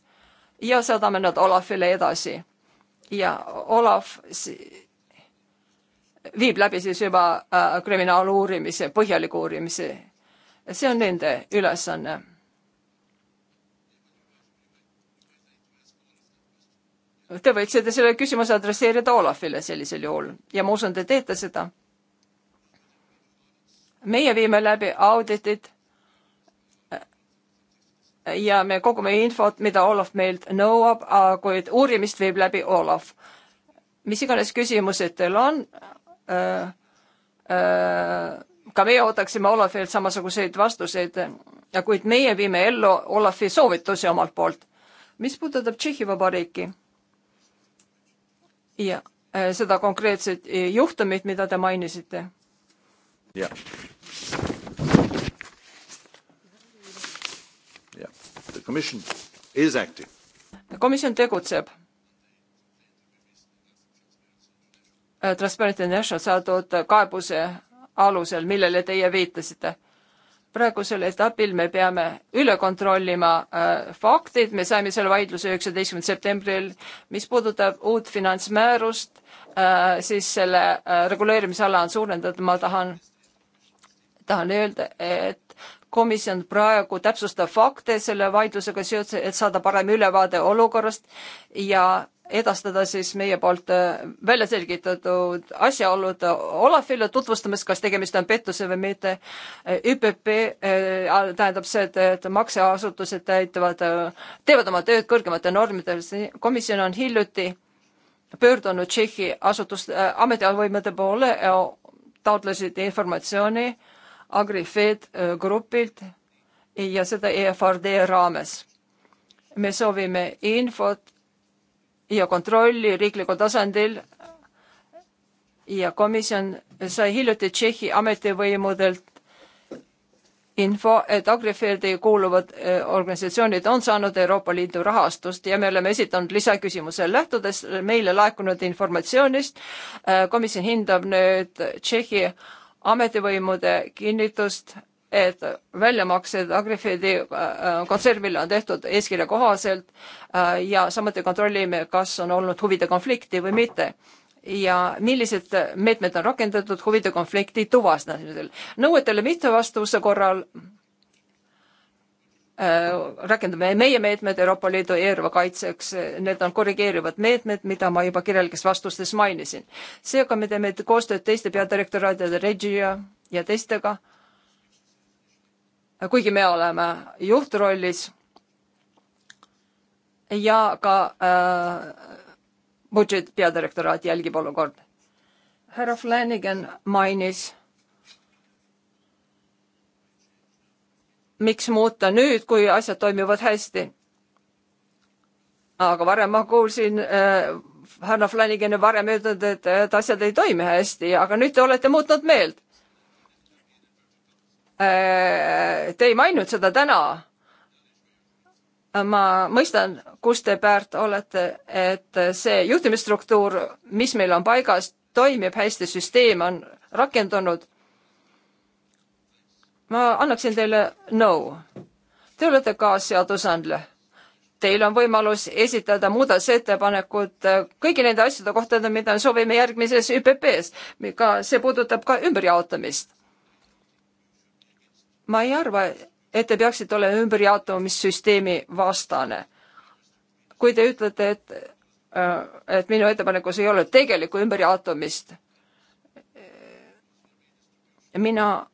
ja saadame nad Olafile edasi ja Olav viib läbi siis juba äh, kriminaaluurimise, põhjaliku uurimise. see on nende ülesanne. Te võiksite selle küsimuse adresseerida Olafile sellisel juhul ja ma usun, te teete seda. meie viime läbi auditit ja me kogume infot, mida Olav meilt nõuab, kuid uurimist viib läbi Olav. mis iganes küsimused teil on äh,, äh, ka meie ootaksime Olavilt samasuguseid vastuseid, kuid meie viime ellu Olavi soovitusi omalt poolt. mis puudutab Tšehhi Vabariiki ja äh, seda konkreetset äh, juhtumit, mida te mainisite? jah yeah The commission is active. komisjon tegutseb. Äh, Transparency International saadud kaebuse alusel, millele teie viitasite. praegusel etapil me peame üle kontrollima äh, faktid, me saime selle vaidluse üheksateistkümnendal septembril, mis puudutab uut finantsmäärust äh,, siis selle äh, reguleerimisala on suurendatud, ma tahan, tahan öelda, et komisjon praegu täpsustab fakte selle vaidlusega seoses, et saada parem ülevaade olukorrast ja edastada siis meie poolt äh, välja selgitatud asjaolud Olafile, tutvustamas, kas tegemist on pettuse või mitte. ÜPP äh, äh, tähendab seda, et makseasutused täitavad, teevad oma tööd kõrgemate normidele, komisjon on hiljuti pöördunud Tšehhi asutuste äh,, ametivõimude poole ja taotlesid informatsiooni äh, Agri-FED eh, grupilt ja seda EFRD raames. me soovime infot ja kontrolli riiklikul tasandil ja komisjon sai hiljuti Tšehhi ametivõimudelt info, et Agrifairdi kuuluvad eh, organisatsioonid on saanud Euroopa Liidu rahastust ja me oleme esitanud lisaküsimuse. lähtudes meile laekunud informatsioonist, eh, komisjon hindab nüüd Tšehhi ametivõimude kinnitust, et väljamaksed Agrifidi äh, kontsernile on tehtud eeskirja kohaselt äh, ja samuti kontrollime, kas on olnud huvide konflikti või mitte ja millised meetmed on rakendatud huvide konflikti tuvastamisel. nõuetele mittevastuse korral Äh, rakendame meie meetmed Euroopa Liidu eelarve kaitseks, need on korrigeerivad meetmed, mida ma juba kirjalikes vastustes mainisin. seega me teeme koostööd teiste peadirektoraatide Regia ja teistega. kuigi me oleme juhtrollis ja ka äh, budget peadirektoraat jälgib olukorda. härra Flanagan mainis miks muuta nüüd, kui asjad toimivad hästi? aga varem ma kuulsin äh, härra Flanagani varem öeldud, et, et asjad ei toimi hästi, aga nüüd te olete muutnud meelt äh,. Te ei maininud seda täna ma mõistan, kus te Pärt olete, et see juhtimisstruktuur, mis meil on paigas, toimib hästi, süsteem on rakendunud ma annaksin teile nõu no.. Te olete ka seadusandja. Teil on võimalus esitada muudatusettepanekud äh, kõigi nende asjade kohta, mida soovime järgmises ÜPP-s, ka see puudutab ka ümberjaotamist. ma ei arva, et te peaksite olema ümberjaotamissüsteemi vastane. kui te ütlete, et, äh, et minu ettepanekus ei ole tegelikku ümberjaotamist, äh, mina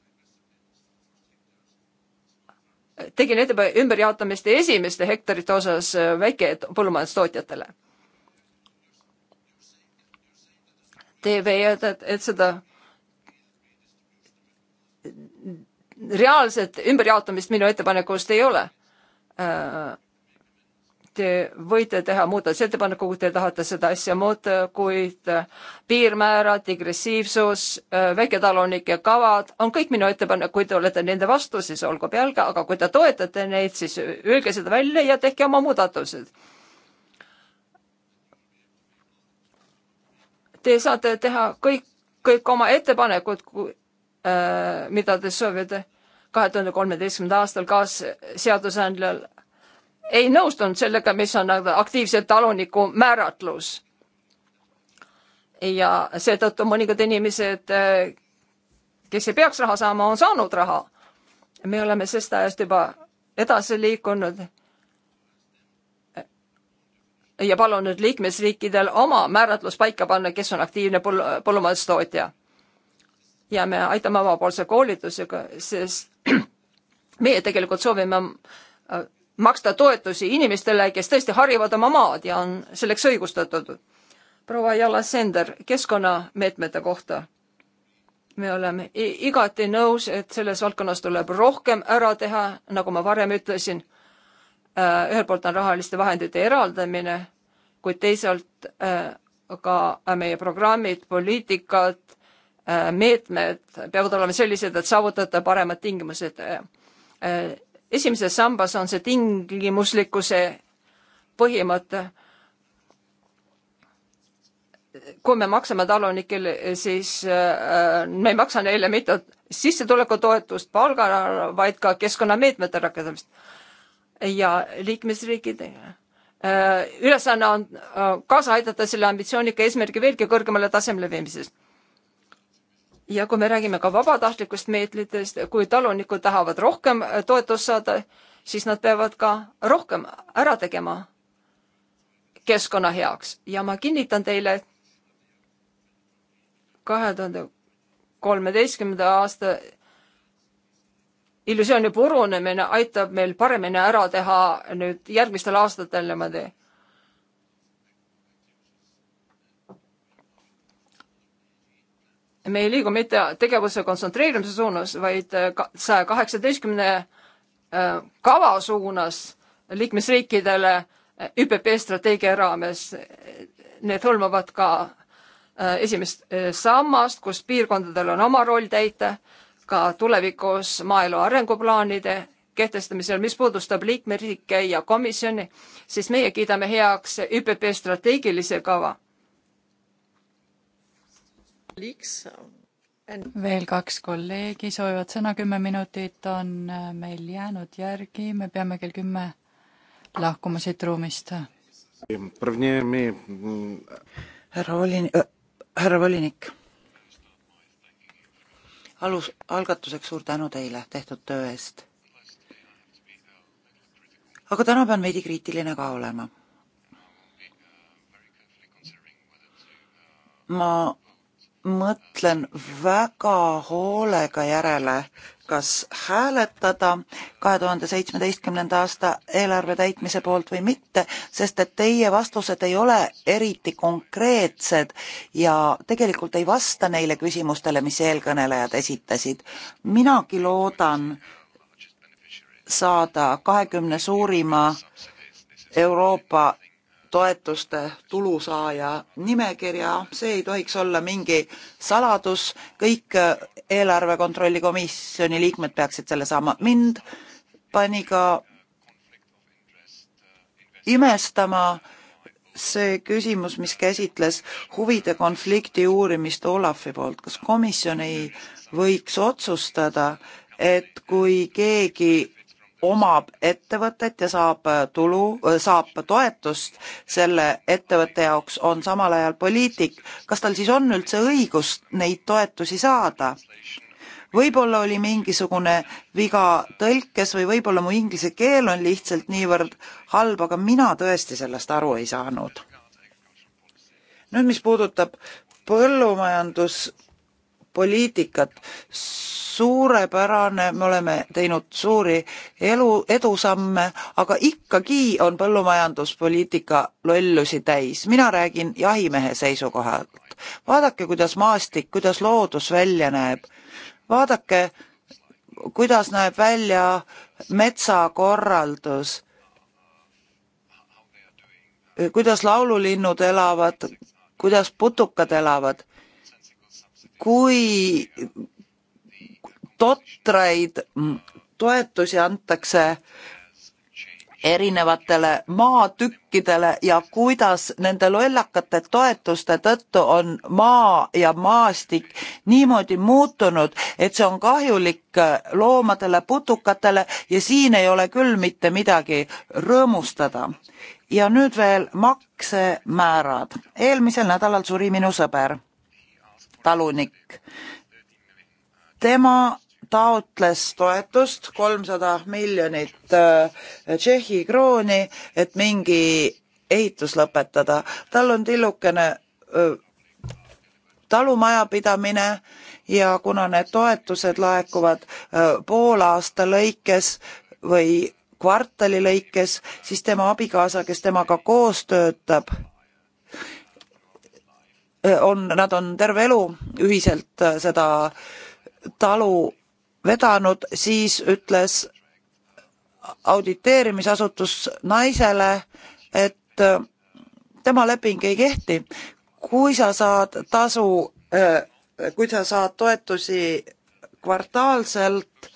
tegin ettepaneku ümberjaotamiste esimeste hektarite osas äh, väike põllumajandustootjatele. Te väidate, et seda reaalset ümberjaotamist minu ettepanekust ei ole äh, Te võite teha muudatusettepaneku, kui te tahate seda asja muuta, kuid äh, piirmäärad, digressiivsus, äh, väiketalunike kavad on kõik minu ettepanek, kui te olete nende vastu, siis olgu pealgi, aga kui te toetate neid, siis öelge seda välja ja tehke oma muudatused. Te saate teha kõik, kõik oma ettepanekud, äh, mida te soovite kahe tuhande kolmeteistkümnenda aastal kaasseadusandjal ei nõustunud sellega, mis on aktiivse taluniku määratlus. ja seetõttu mõningad inimesed, äh, kes ei peaks raha saama, on saanud raha. me oleme sest ajast juba edasi liikunud ja palunud liikmesriikidel oma määratlus paika panna, kes on aktiivne põllumajandustootja. ja me aitame omapoolse koolitusega, sest meie tegelikult soovime äh, maksta toetusi inimestele, kes tõesti harivad oma maad ja on selleks õigustatud. proua Jala Sender, keskkonnameetmete kohta. me oleme igati nõus, et selles valdkonnas tuleb rohkem ära teha, nagu ma varem ütlesin. Äh, ühelt poolt on rahaliste vahendite eraldamine, kuid teisalt äh, ka meie programmid, poliitikad, äh, meetmed peavad olema sellised, et saavutada paremad tingimused esimeses sambas on see tingimuslikkuse põhimõte. kui me maksame talunikele, siis äh, me ei maksa neile mitte sissetulekutoetust palgana, vaid ka keskkonnameetmete rakendamist ja liikmesriikidega äh, ülesanne on äh, kaasa aidata selle ambitsioonika eesmärgi veelgi kõrgemale tasemele viimises ja kui me räägime ka vabatahtlikust meetritest, kui talunikud tahavad rohkem äh, toetust saada, siis nad peavad ka rohkem ära tegema keskkonna heaks ja ma kinnitan teile, kahe tuhande kolmeteistkümnenda aasta illusiooni purunemine aitab meil paremini ära teha nüüd järgmistel aastatel niimoodi me ei liigu mitte tegevuse kontsentreerimise suunas, vaid äh, saja kaheksateistkümne äh, kava suunas liikmesriikidele äh, ÜPP strateegia raames. Need hõlmavad ka esimest sammast, kus piirkondadel on oma roll täita, ka tulevikus maaelu arenguplaanide kehtestamisel, mis puudustab liikmeriike ja komisjoni, siis meie kiidame heaks ÜPP strateegilise kava Um, veel kaks kolleegi soovivad sõna, kümme minutit on äh, meil jäänud järgi, me peame kell kümme lahkuma siit ruumist. Mm, härra volin-, äh, härra volinik, alus, algatuseks suur tänu teile tehtud töö eest. aga täna pean veidi kriitiline ka olema. ma mõtlen väga hoolega järele, kas hääletada kahe tuhande seitsmeteistkümnenda aasta eelarve täitmise poolt või mitte, sest et teie vastused ei ole eriti konkreetsed ja tegelikult ei vasta neile küsimustele, mis eelkõnelejad esitasid. minagi loodan saada kahekümne suurima Euroopa toetuste tulusaaja nimekirja, see ei tohiks olla mingi saladus, kõik äh, eelarve kontrolli komisjoni liikmed peaksid selle saama. mind pani ka imestama see küsimus, mis käsitles huvide konflikti uurimist Olafi poolt, kas komisjon ei võiks otsustada, et kui keegi omab ettevõtet ja saab äh, tulu, äh, saab toetust selle ettevõtte jaoks, on samal ajal poliitik, kas tal siis on üldse õigust neid toetusi saada? võib-olla oli mingisugune viga tõlkes või võib-olla mu inglise keel on lihtsalt niivõrd halb, aga mina tõesti sellest aru ei saanud. nüüd, mis puudutab põllumajandus poliitikat. suurepärane, me oleme teinud suuri elu, edusamme, aga ikkagi on põllumajanduspoliitika lollusi täis. mina räägin jahimehe seisukohalt. vaadake, kuidas maastik, kuidas loodus välja näeb. vaadake, kuidas näeb välja metsakorraldus kuidas laululinnud elavad, kuidas putukad elavad kui totraid toetusi antakse erinevatele maatükkidele ja kuidas nende lollakate toetuste tõttu on maa ja maastik niimoodi muutunud, et see on kahjulik loomadele, putukatele ja siin ei ole küll mitte midagi rõõmustada. ja nüüd veel maksemäärad. eelmisel nädalal suri minu sõber talunik. tema taotles toetust kolmsada miljonit äh, Tšehhi krooni, et mingi ehitus lõpetada. tal on tillukene äh, talumajapidamine ja kuna need toetused laekuvad äh, poole aasta lõikes või kvartali lõikes, siis tema abikaasa, kes temaga koos töötab, Äh, on, nad on terve elu ühiselt äh, seda talu vedanud, siis ütles auditeerimisasutus naisele, et äh, tema leping ei kehti. kui sa saad tasu, kui sa saad toetusi kvartaalselt,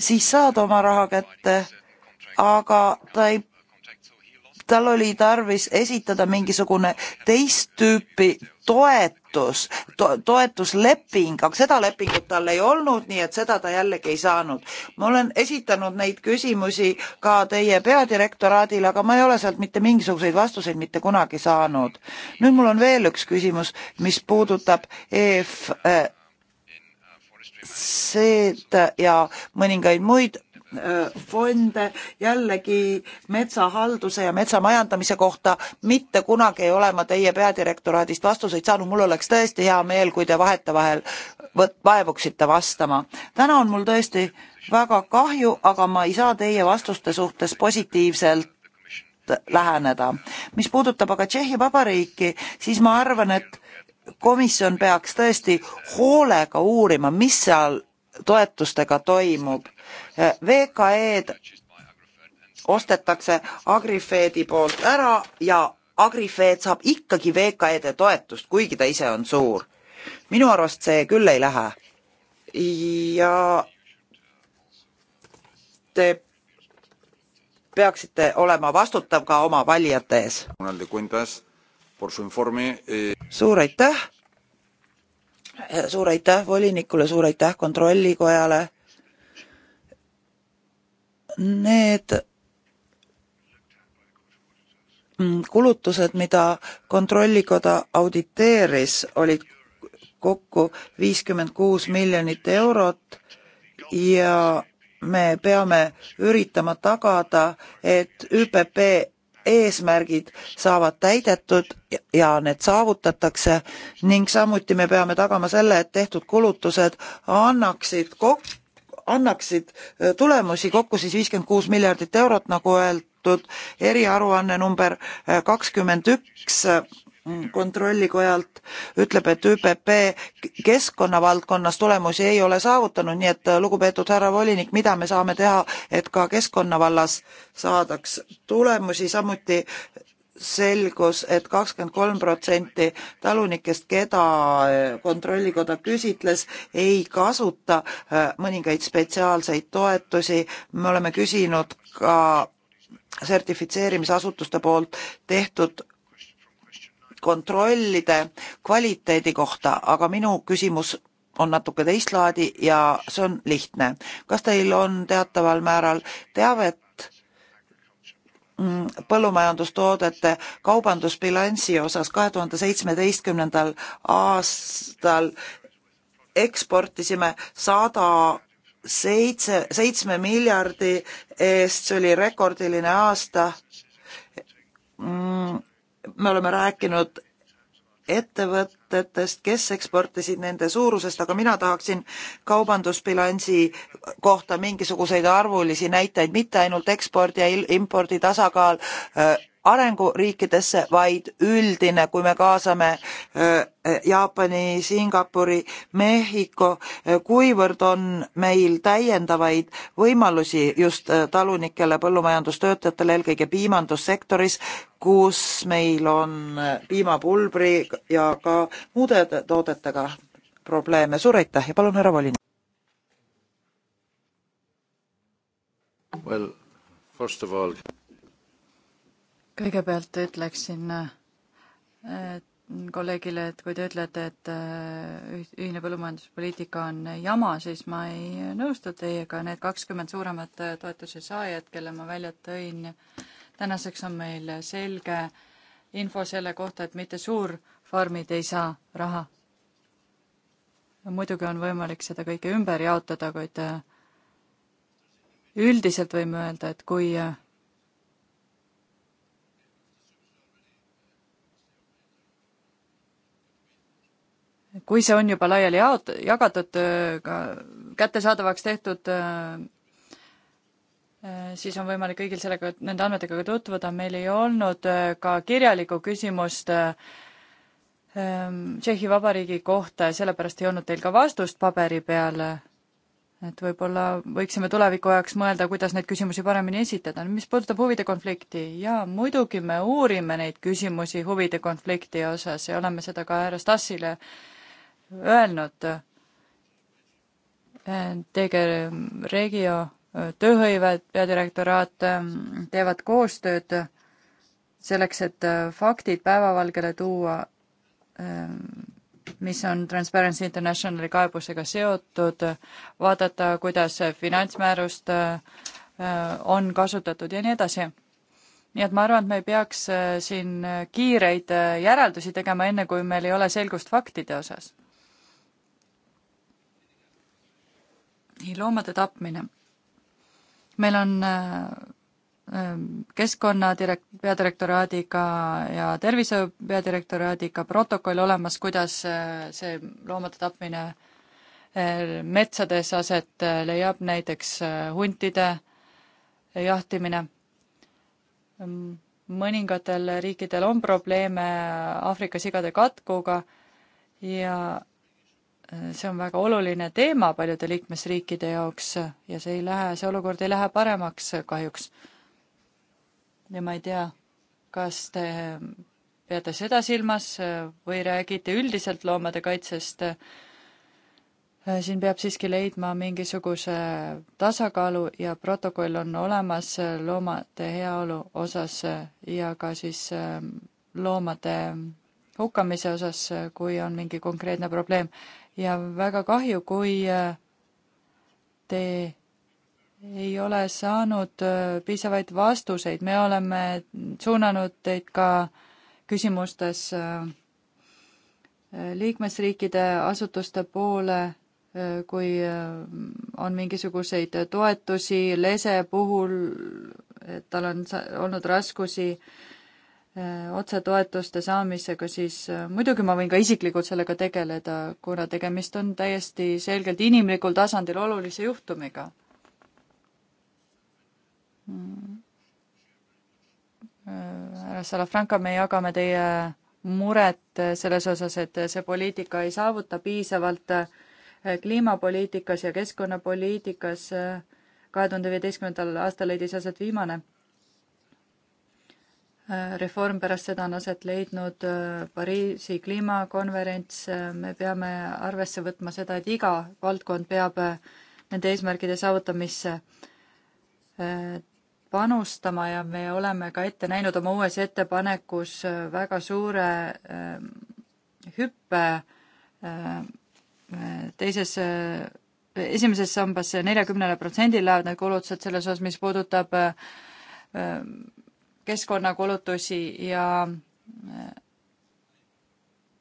siis saad oma raha kätte, aga ta ei tal oli tarvis esitada mingisugune teist tüüpi toetus to,, toetusleping, aga seda lepingut tal ei olnud, nii et seda ta jällegi ei saanud. ma olen esitanud neid küsimusi ka teie peadirektoraadile, aga ma ei ole sealt mitte mingisuguseid vastuseid mitte kunagi saanud. nüüd mul on veel üks küsimus, mis puudutab EF äh, seed ja mõningaid muid Äh, fonde jällegi metsahalduse ja metsamajandamise kohta. mitte kunagi ei ole ma teie peadirektoraadist vastuseid saanud, mul oleks tõesti hea meel, kui te vahetevahel vaevuksite vastama. täna on mul tõesti väga kahju, aga ma ei saa teie vastuste suhtes positiivselt läheneda. mis puudutab aga Tšehhi Vabariiki, siis ma arvan, et komisjon peaks tõesti hoolega uurima, mis seal toetustega toimub. VKE-d ostetakse Agrifeedi poolt ära ja Agrifeed saab ikkagi VKE-de toetust, kuigi ta ise on suur. minu arust see küll ei lähe. ja te peaksite olema vastutav ka oma valijate ees. Eh, suur aitäh suur aitäh volinikule, suur aitäh kontrollikojale. Need kulutused, mida kontrollikoda auditeeris, olid kokku viiskümmend kuus miljonit eurot ja me peame üritama tagada, et ÜPP eesmärgid saavad täidetud ja need saavutatakse ning samuti me peame tagama selle, et tehtud kulutused annaksid kok-, annaksid tulemusi kokku siis viiskümmend kuus miljardit eurot, nagu öeldud, eriaruanne number kakskümmend üks kontrollikojalt ütleb, et ÜPP keskkonnavaldkonnas tulemusi ei ole saavutanud, nii et lugupeetud härra volinik, mida me saame teha, et ka keskkonna vallas saadaks tulemusi, samuti selgus et, et kakskümmend kolm protsenti talunikest, keda eh, Kontrollikoda küsitles, ei kasuta eh, mõningaid spetsiaalseid toetusi. me oleme küsinud ka sertifitseerimisasutuste poolt tehtud kontrollide kvaliteedi kohta, aga minu küsimus on natuke teist laadi ja see on lihtne. kas teil on teataval määral teavet mm, põllumajandustoodete kaubandusbilansi osas kahe tuhande seitsmeteistkümnendal aastal eksportisime sada seitse, seitsme miljardi eest, see oli rekordiline aasta mm, me oleme rääkinud ettevõtetest, kes eksportisid nende suurusest, aga mina tahaksin kaubandusbilansi kohta mingisuguseid arvulisi näiteid, mitte ainult ekspordi ja impordi tasakaal äh, arenguriikidesse, vaid üldine, kui me kaasame Jaapani, Singapuri, Mehhiko, kuivõrd on meil täiendavaid võimalusi just talunikele, põllumajandustöötajatele, eelkõige piimandussektoris, kus meil on piimapulbri ja ka muude toodetega probleeme. suur aitäh ja palun, härra volinik. Well, first of all kõigepealt ütleksin äh, kolleegile, et kui te ütlete, et äh, ühine põllumajanduspoliitika on jama, siis ma ei nõustu teiega, need kakskümmend suuremat äh, toetuse saajat, kelle ma välja tõin, tänaseks on meil selge info selle kohta, et mitte suurfarmid ei saa raha. muidugi on võimalik seda kõike ümber jaotada, kuid üldiselt võime öelda, et kui kui see on juba laiali jaot-, jagatud, ka kättesaadavaks tehtud, siis on võimalik kõigil sellega, nende andmetega ka tutvuda, meil ei olnud äh, ka kirjalikku küsimust ähm, Tšehhi Vabariigi kohta ja sellepärast ei olnud teil ka vastust paberi peal. et võib-olla võiksime tuleviku ajaks mõelda, kuidas neid küsimusi paremini esitada. mis puudutab huvide konflikti, jaa, muidugi me uurime neid küsimusi huvide konflikti osas ja oleme seda ka härra Stassile äh, öelnud, tege Regio tööhõive peadirektoraat ähm, teevad koostööd selleks, et äh, faktid päevavalgele tuua, ähm, mis on Transparency Internationali kaebusega seotud, vaadata, kuidas finantsmäärust äh, äh, on kasutatud ja nii edasi. nii et ma arvan, et me ei peaks siin kiireid järeldusi tegema, enne kui meil ei ole selgust faktide osas loomade tapmine. meil on äh, ähm, keskkonna direk-, peadirektoraadiga ja tervishoiu peadirektoraadiga protokoll olemas, kuidas äh, see loomade tapmine äh, metsades aset leiab, näiteks huntide jahtimine ähm, mõningatel riikidel on probleeme Aafrika sigade katkuga ja see on väga oluline teema paljude liikmesriikide jaoks ja see ei lähe, see olukord ei lähe paremaks kahjuks. ja ma ei tea, kas te peate seda silmas või räägite üldiselt loomade kaitsest? siin peab siiski leidma mingisuguse tasakaalu ja protokoll on olemas loomade heaolu osas ja ka siis ähm, loomade hukkamise osas, kui on mingi konkreetne probleem ja väga kahju, kui äh, te ei ole saanud äh, piisavaid vastuseid, me oleme suunanud teid ka küsimustes äh, liikmesriikide asutuste poole, kui on mingisuguseid toetusi, lese puhul, et tal on olnud raskusi Eh, otsetoetuste saamisega, siis eh, muidugi ma võin ka isiklikult sellega tegeleda, kuna tegemist on täiesti selgelt inimlikul tasandil olulise juhtumiga. Mm. härra Salafranca, me jagame teie muret selles osas, et see poliitika ei saavuta piisavalt eh, kliimapoliitikas ja keskkonnapoliitikas kahe tuhande viieteistkümnendal aastal leidis aset viimane reform pärast seda on aset leidnud äh, Pariisi kliimakonverents, äh, me peame arvesse võtma seda, et iga valdkond peab äh, nende eesmärgide saavutamisse panustama ja me oleme ka ette näinud oma uues ettepanekus väga suure hüppe teises esimeses sambas neljakümnele protsendile lähevad need kulutused selles osas, mis puudutab keskkonnakulutusi ja äh,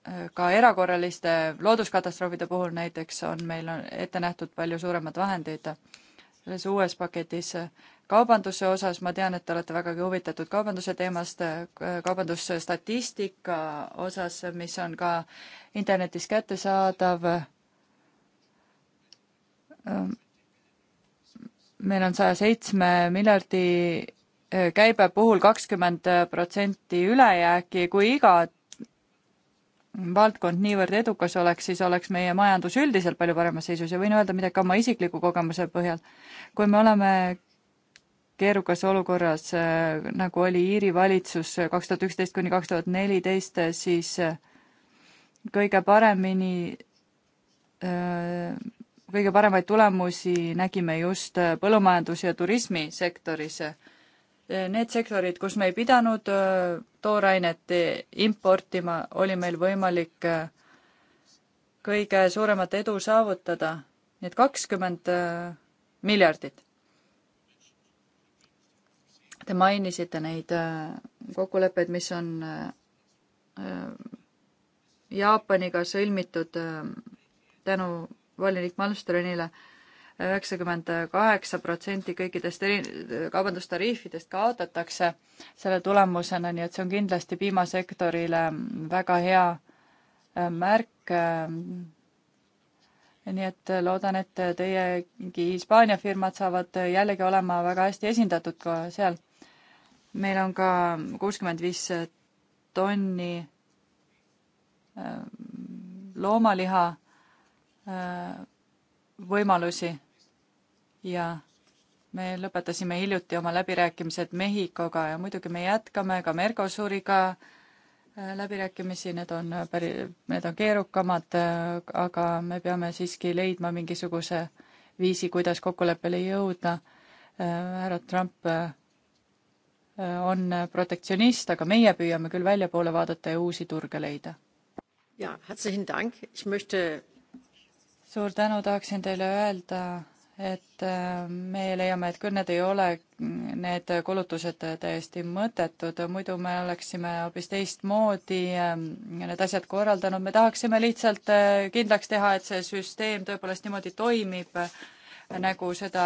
äh, ka erakorraliste looduskatastroofide puhul näiteks on meil ette nähtud palju suuremad vahendid selles uues paketis. kaubanduse osas ma tean, et te olete vägagi huvitatud kaubanduse teemast, äh, kaubandusstatistika osas, mis on ka internetis kättesaadav. meil on saja seitsme miljardi käibe puhul kakskümmend protsenti ülejääki, kui iga valdkond niivõrd edukas oleks, siis oleks meie majandus üldiselt palju paremas seisus ja võin öelda midagi ka oma isikliku kogemuse põhjal. kui me oleme keerukas olukorras, nagu oli Iiri valitsus kaks tuhat üksteist kuni kaks tuhat neliteist, siis kõige paremini, kõige paremaid tulemusi nägime just põllumajandus- ja turismisektoris Äh, need sektorid, kus me ei pidanud äh, toorainet importima, oli meil võimalik äh, kõige suuremat edu saavutada, nii et kakskümmend miljardit. Te mainisite neid kokkuleppeid, mis on Jaapaniga sõlmitud tänu volinik Malmstronile üheksakümmend kaheksa protsenti kõikidest eri-, kaubandustariifidest kaotatakse selle tulemusena, nii et see on kindlasti piimasektorile väga hea äh, märk. Äh, nii et loodan, et teiegi Hispaania firmad saavad jällegi olema väga hästi esindatud ka seal. meil on ka kuuskümmend viis tonni äh, loomaliha võimalusi ja me lõpetasime hiljuti oma läbirääkimised Mehhikoga ja muidugi me jätkame ka Mercosuriga äh, läbirääkimisi, need on päri-, need on keerukamad, äh, aga me peame siiski leidma mingisuguse viisi, kuidas kokkuleppele jõuda. Äh, härra Trump on protektsionist, aga meie püüame küll väljapoole vaadata ja uusi turge leida. jaa, herzlichen Dank, ich möchte suur tänu, tahaksin teile öelda et äh, me leiame, et küll need ei ole, need kulutused täiesti mõttetud, muidu me oleksime hoopis teistmoodi äh, need asjad korraldanud, me tahaksime lihtsalt äh, kindlaks teha, et see süsteem tõepoolest niimoodi toimib, nagu seda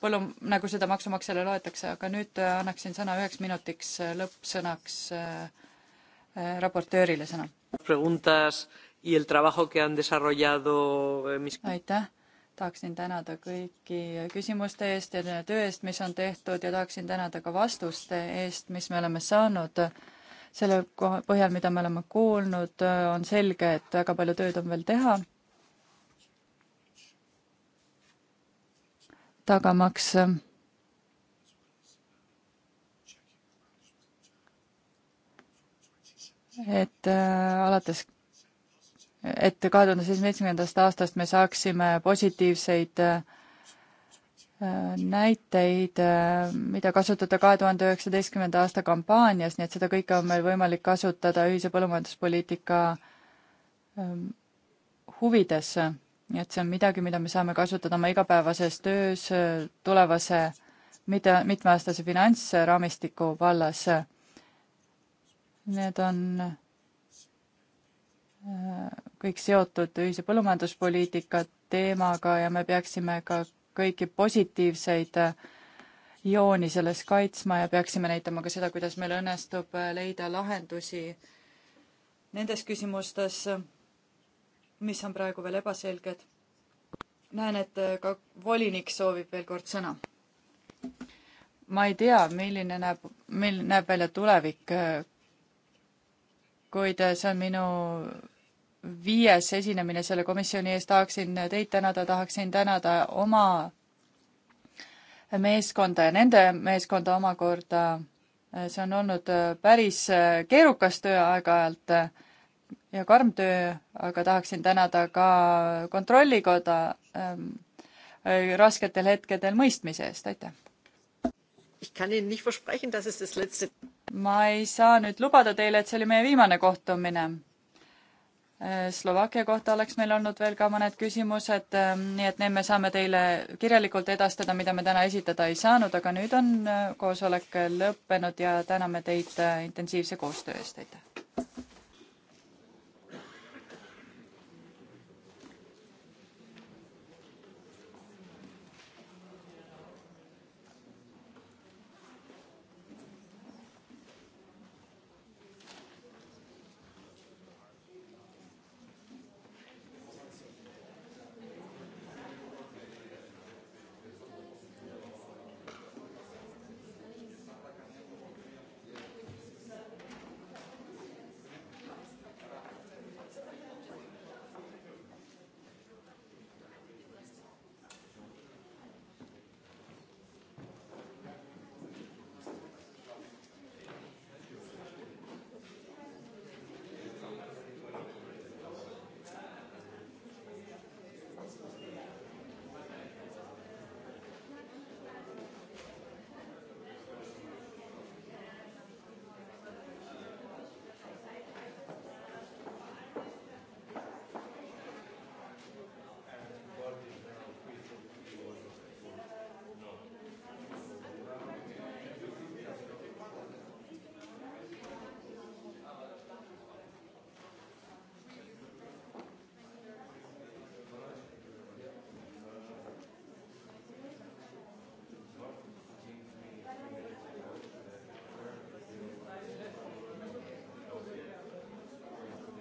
põllu, nagu seda maksumaksjale loetakse, aga nüüd annaksin sõna üheks minutiks lõppsõnaks raportöörile sõna. Eh, aitäh tahaksin tänada kõiki küsimuste eest ja töö eest, mis on tehtud ja tahaksin tänada ka vastuste eest, mis me oleme saanud. selle koha, põhjal, mida me oleme kuulnud, on selge, et väga palju tööd on veel teha. tagamaks et äh, alates et kahe tuhande seitsmekümnendast aastast me saaksime positiivseid äh, näiteid, äh, mida kasutada kahe tuhande üheksateistkümnenda aasta kampaanias, nii et seda kõike on meil võimalik kasutada ühise põllumajanduspoliitika ähm, huvides. nii et see on midagi, mida me saame kasutada oma igapäevases töös äh, tulevase mida, mitmeaastase finantsraamistiku vallas. Need on kõik seotud ühise põllumajanduspoliitika teemaga ja me peaksime ka kõiki positiivseid äh, jooni selles kaitsma ja peaksime näitama ka seda, kuidas meil õnnestub äh, leida lahendusi nendes küsimustes, mis on praegu veel ebaselged. näen, et äh, ka volinik soovib veel kord sõna. ma ei tea, milline näeb, milline näeb välja tulevik, kuid see on minu viies esinemine selle komisjoni ees, tahaksin teid tänada, tahaksin tänada oma meeskonda ja nende meeskonda omakorda. see on olnud päris keerukas töö aeg-ajalt ja karm töö, aga tahaksin tänada ka Kontrollikoda ähm, rasketel hetkedel mõistmise eest, aitäh! ma ei saa nüüd lubada teile, et see oli meie viimane kohtumine Äh, Slovakkia kohta oleks meil olnud veel ka mõned küsimused, ähm, nii et need me saame teile kirjalikult edastada, mida me täna esitada ei saanud, aga nüüd on äh, koosolek lõppenud ja täname teid äh, intensiivse koostöö eest, aitäh!